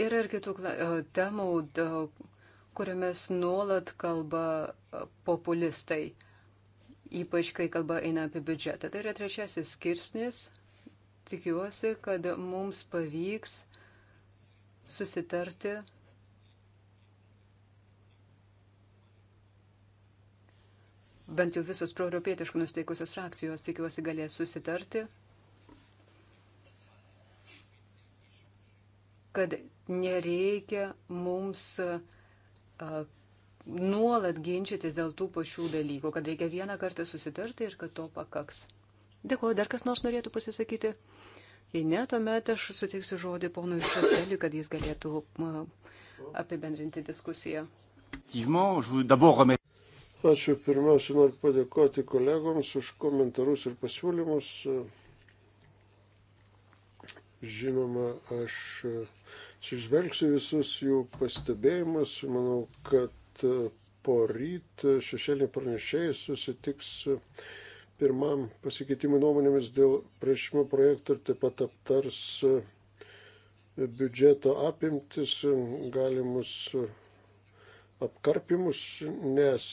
Yra ir kitų e, temų, kuriomis nuolat kalba e, populistai, ypač kai kalba eina apie biudžetą. Tai yra trečiasis skirsnis. Tikiuosi, kad mums pavyks susitarti bent jau visos proeuropietiškai nusteikusios frakcijos tikiuosi galės susitarti kad nereikia mums nuolat ginčytis dėl tų pačių dalykų, kad reikia vieną kartą susitarti ir kad to pakaks. Dėkuoju, dar kas nors norėtų pasisakyti? Jei ne, tuomet aš suteiksiu žodį ponui Šaseliui, kad jis galėtų apibendrinti diskusiją. Ačiū pirmiausia, noriu padėkoti kolegoms už komentarus ir pasiūlymus. Žinoma, aš išvelgsiu e, visus jų pastebėjimus. Manau, kad e, po ryt e, šešėlį pranešėjai susitiks pirmam pasikeitimui nuomonėmis dėl priešimo projektų ir taip pat aptars biudžeto apimtis, galimus apkarpimus, nes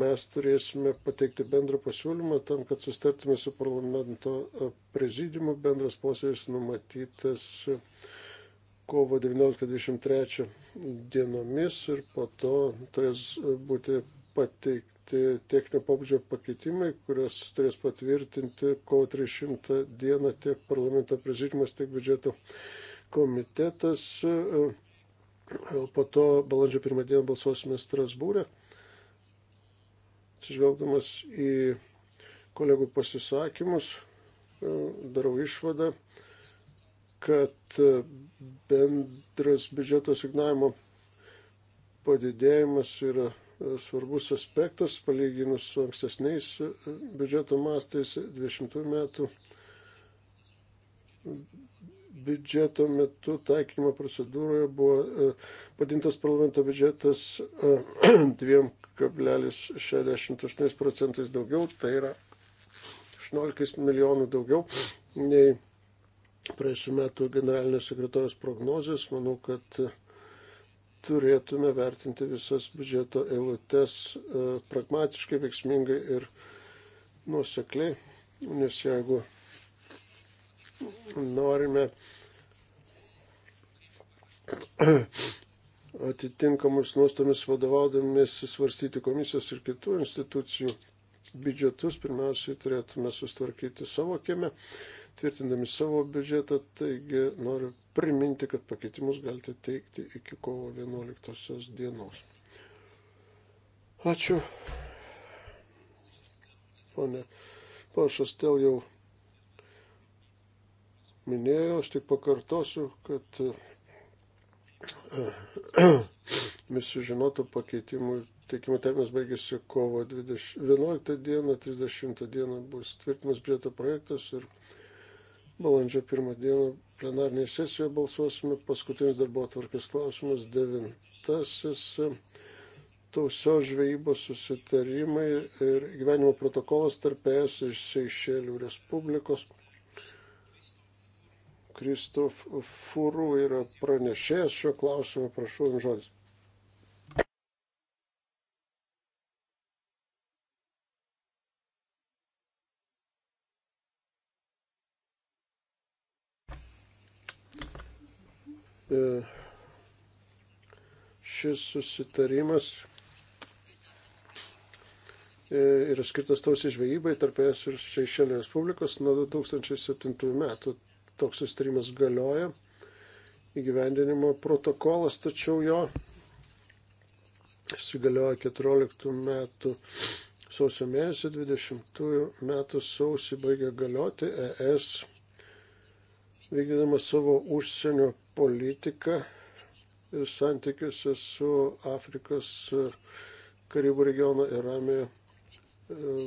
mes turėsime pateikti bendrą pasiūlymą tam, kad sustartume su parlamento prezidiumu. Bendras posėdis numatytas kovo 19-23 dienomis ir po to turės būti pateikti techninio pobūdžio pakeitimai, kuriuos turės patvirtinti kovo 300 dieną tiek parlamento prezidiumas, tiek biudžeto komitetas. Po to balandžio pirmą dieną balsuosime Strasbūrė. E Atsižvelgdamas į kolegų pasisakymus, e, darau išvadą, kad e, bendras biudžeto signavimo padidėjimas yra e, svarbus aspektas, palyginus su ankstesniais biudžeto mastais 20 metų biudžeto metu taikymo procedūroje buvo e, padintas parlamento biudžetas 2,68 e, procentais daugiau, tai yra 18 milijonų daugiau nei praėjusiu metu generalinio sekretorijos prognozijas. Manau, kad e, turėtume vertinti visas biudžeto eilutes pragmatiškai, veiksmingai ir nuosekliai, nes jeigu norime atitinkamus nuostomis vadovaudomis svarstyti komisijos ir kitų institucijų biudžetus, pirmiausiai turėtume sustvarkyti savo kieme, tvirtindami savo biudžetą. Taigi noriu priminti, kad pakeitimus galite teikti iki kovo 11 dienos. Ačiū. Pone Pašas, dėl jau minėjo, aš tik pakartosiu, kad visi žinotų pakeitimų teikimo terminas baigėsi kovo 20, 11 dieną, 30 dieną bus tvirtimas biudžeto projektas ir balandžio 1 dieną plenarnėje sesijoje balsuosime. Paskutinis darbo atvarkės klausimas, devintasis tausios žvejybos susitarimai ir gyvenimo protokolas tarp ES ir Seišelių Respublikos. Kristof Furų yra pranešėjęs šio klausimo, prašau jums žodis. E, šis susitarimas e, yra skirtas tausiai žvejybai tarp ES ir Šeišelio Respublikos nuo 2007 metų toks sustarimas galioja, įgyvendinimo protokolas, tačiau jo įsigalioja 14 metų sausio mėnesį, 20 metų sausį baigia galioti ES, vykdydama savo užsienio politiką ir santykiuose su Afrikos Karibų regiono ir Ramėjo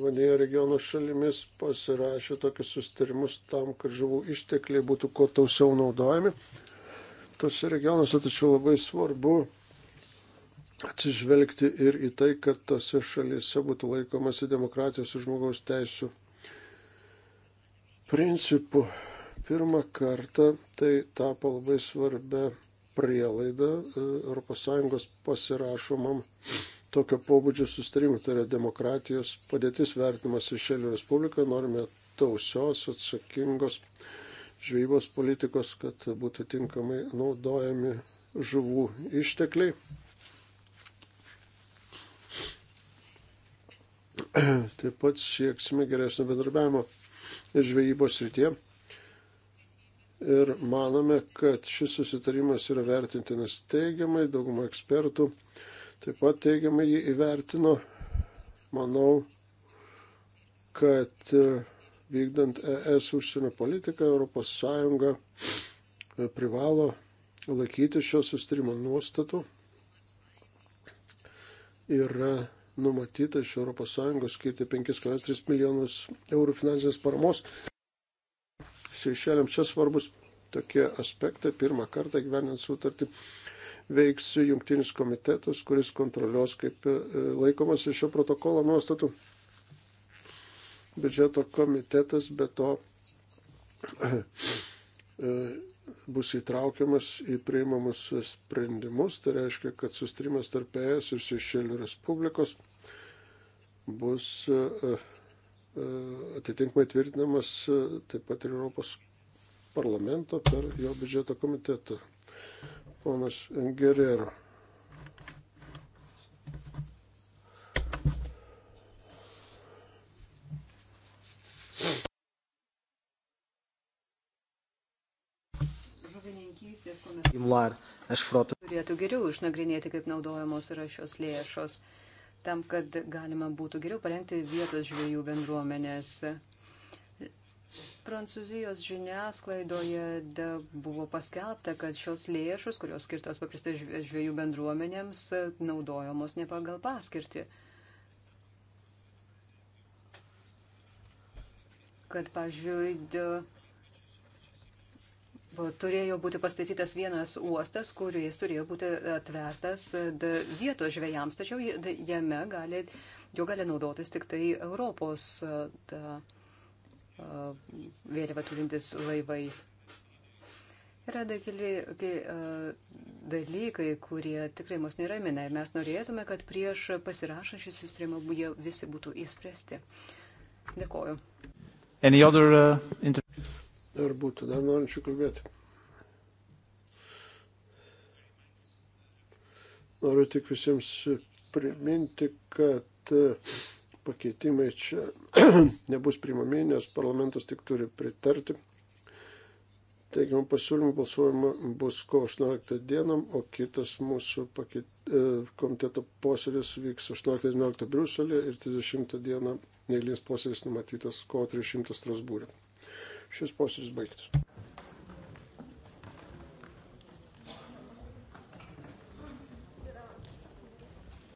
vandenio regiono šalimis pasirašė tokius sustarimus tam, kad žuvų ištekliai būtų kuo tausiau naudojami. Tose regionuose tačiau labai svarbu atsižvelgti ir į tai, kad tose šalyse būtų laikomasi demokratijos ir žmogaus teisų principų. Pirmą kartą tai tapo labai svarbia prielaida ES pasirašomam tokio pobūdžio sustarimų, tai yra demokratijos padėtis vertinimas Sešelių Respublikoje, norime tausios, atsakingos žvejybos politikos, kad būtų tinkamai naudojami žuvų ištekliai. Taip pat sieksime geresnio bendarbiavimo žvejybos rytie. Ir manome, kad šis susitarimas yra vertintinas teigiamai, dauguma ekspertų uh, Taip pat teigiamai jį įvertino. Manau, kad e, vykdant ES užsienio politiką, ES e, privalo laikyti šio sustarimo nuostatų. Yra numatyta iš ES skirti 5,3 milijonus eurų finansinės paramos. Seišeliam čia svarbus tokie aspektai. Pirmą kartą gyvenant sutartį veiks jungtinis komitetas, kuris kontroliuos, kaip e, laikomas iš šio protokolo nuostatų. Biudžeto komitetas be to e, bus įtraukiamas į priimamus sprendimus, tai reiškia, kad sustrimas tarp ES ir Seišelių Respublikos bus e, atitinkamai tvirtinamas taip pat ir Europos parlamento per jo biudžeto komitetą ponas Gerero. Turėtų geriau išnagrinėti, kaip naudojamos yra šios lėšos, tam, kad galima būtų geriau parengti vietos žvėjų bendruomenės. Prancūzijos žiniasklaidoje buvo paskelbta, kad šios lėšos, kurios skirtos paprastai žvėjų bendruomenėms, naudojamos ne pagal paskirtį. Kad, pavyzdžiui, turėjo būti pastatytas vienas uostas, kuris turėjo būti atvertas vietos žvėjams, tačiau jame gali, jo gali naudotis tik tai Europos. Da, vėliava turintis laivai. Yra da keli dalykai, kurie tikrai mus neramina ir mes norėtume, kad prieš pasirašant šį susitarimą jie visi būtų įspręsti. Dėkoju. Other, uh, Ar būtų dar norinčių kalbėti? Noriu tik visiems priminti, kad uh, pakeitimai čia nebus primami, nes parlamentas tik turi pritarti. Teigiamų pasiūlymų balsuojama bus kovo 18 dieną, o kitas mūsų pakeit, e, komiteto posėdis vyks 18-19 Briuselė ir 30 dieną neįlins posėdis numatytas kovo 300 Strasbūrė. Šis posėdis baigtas.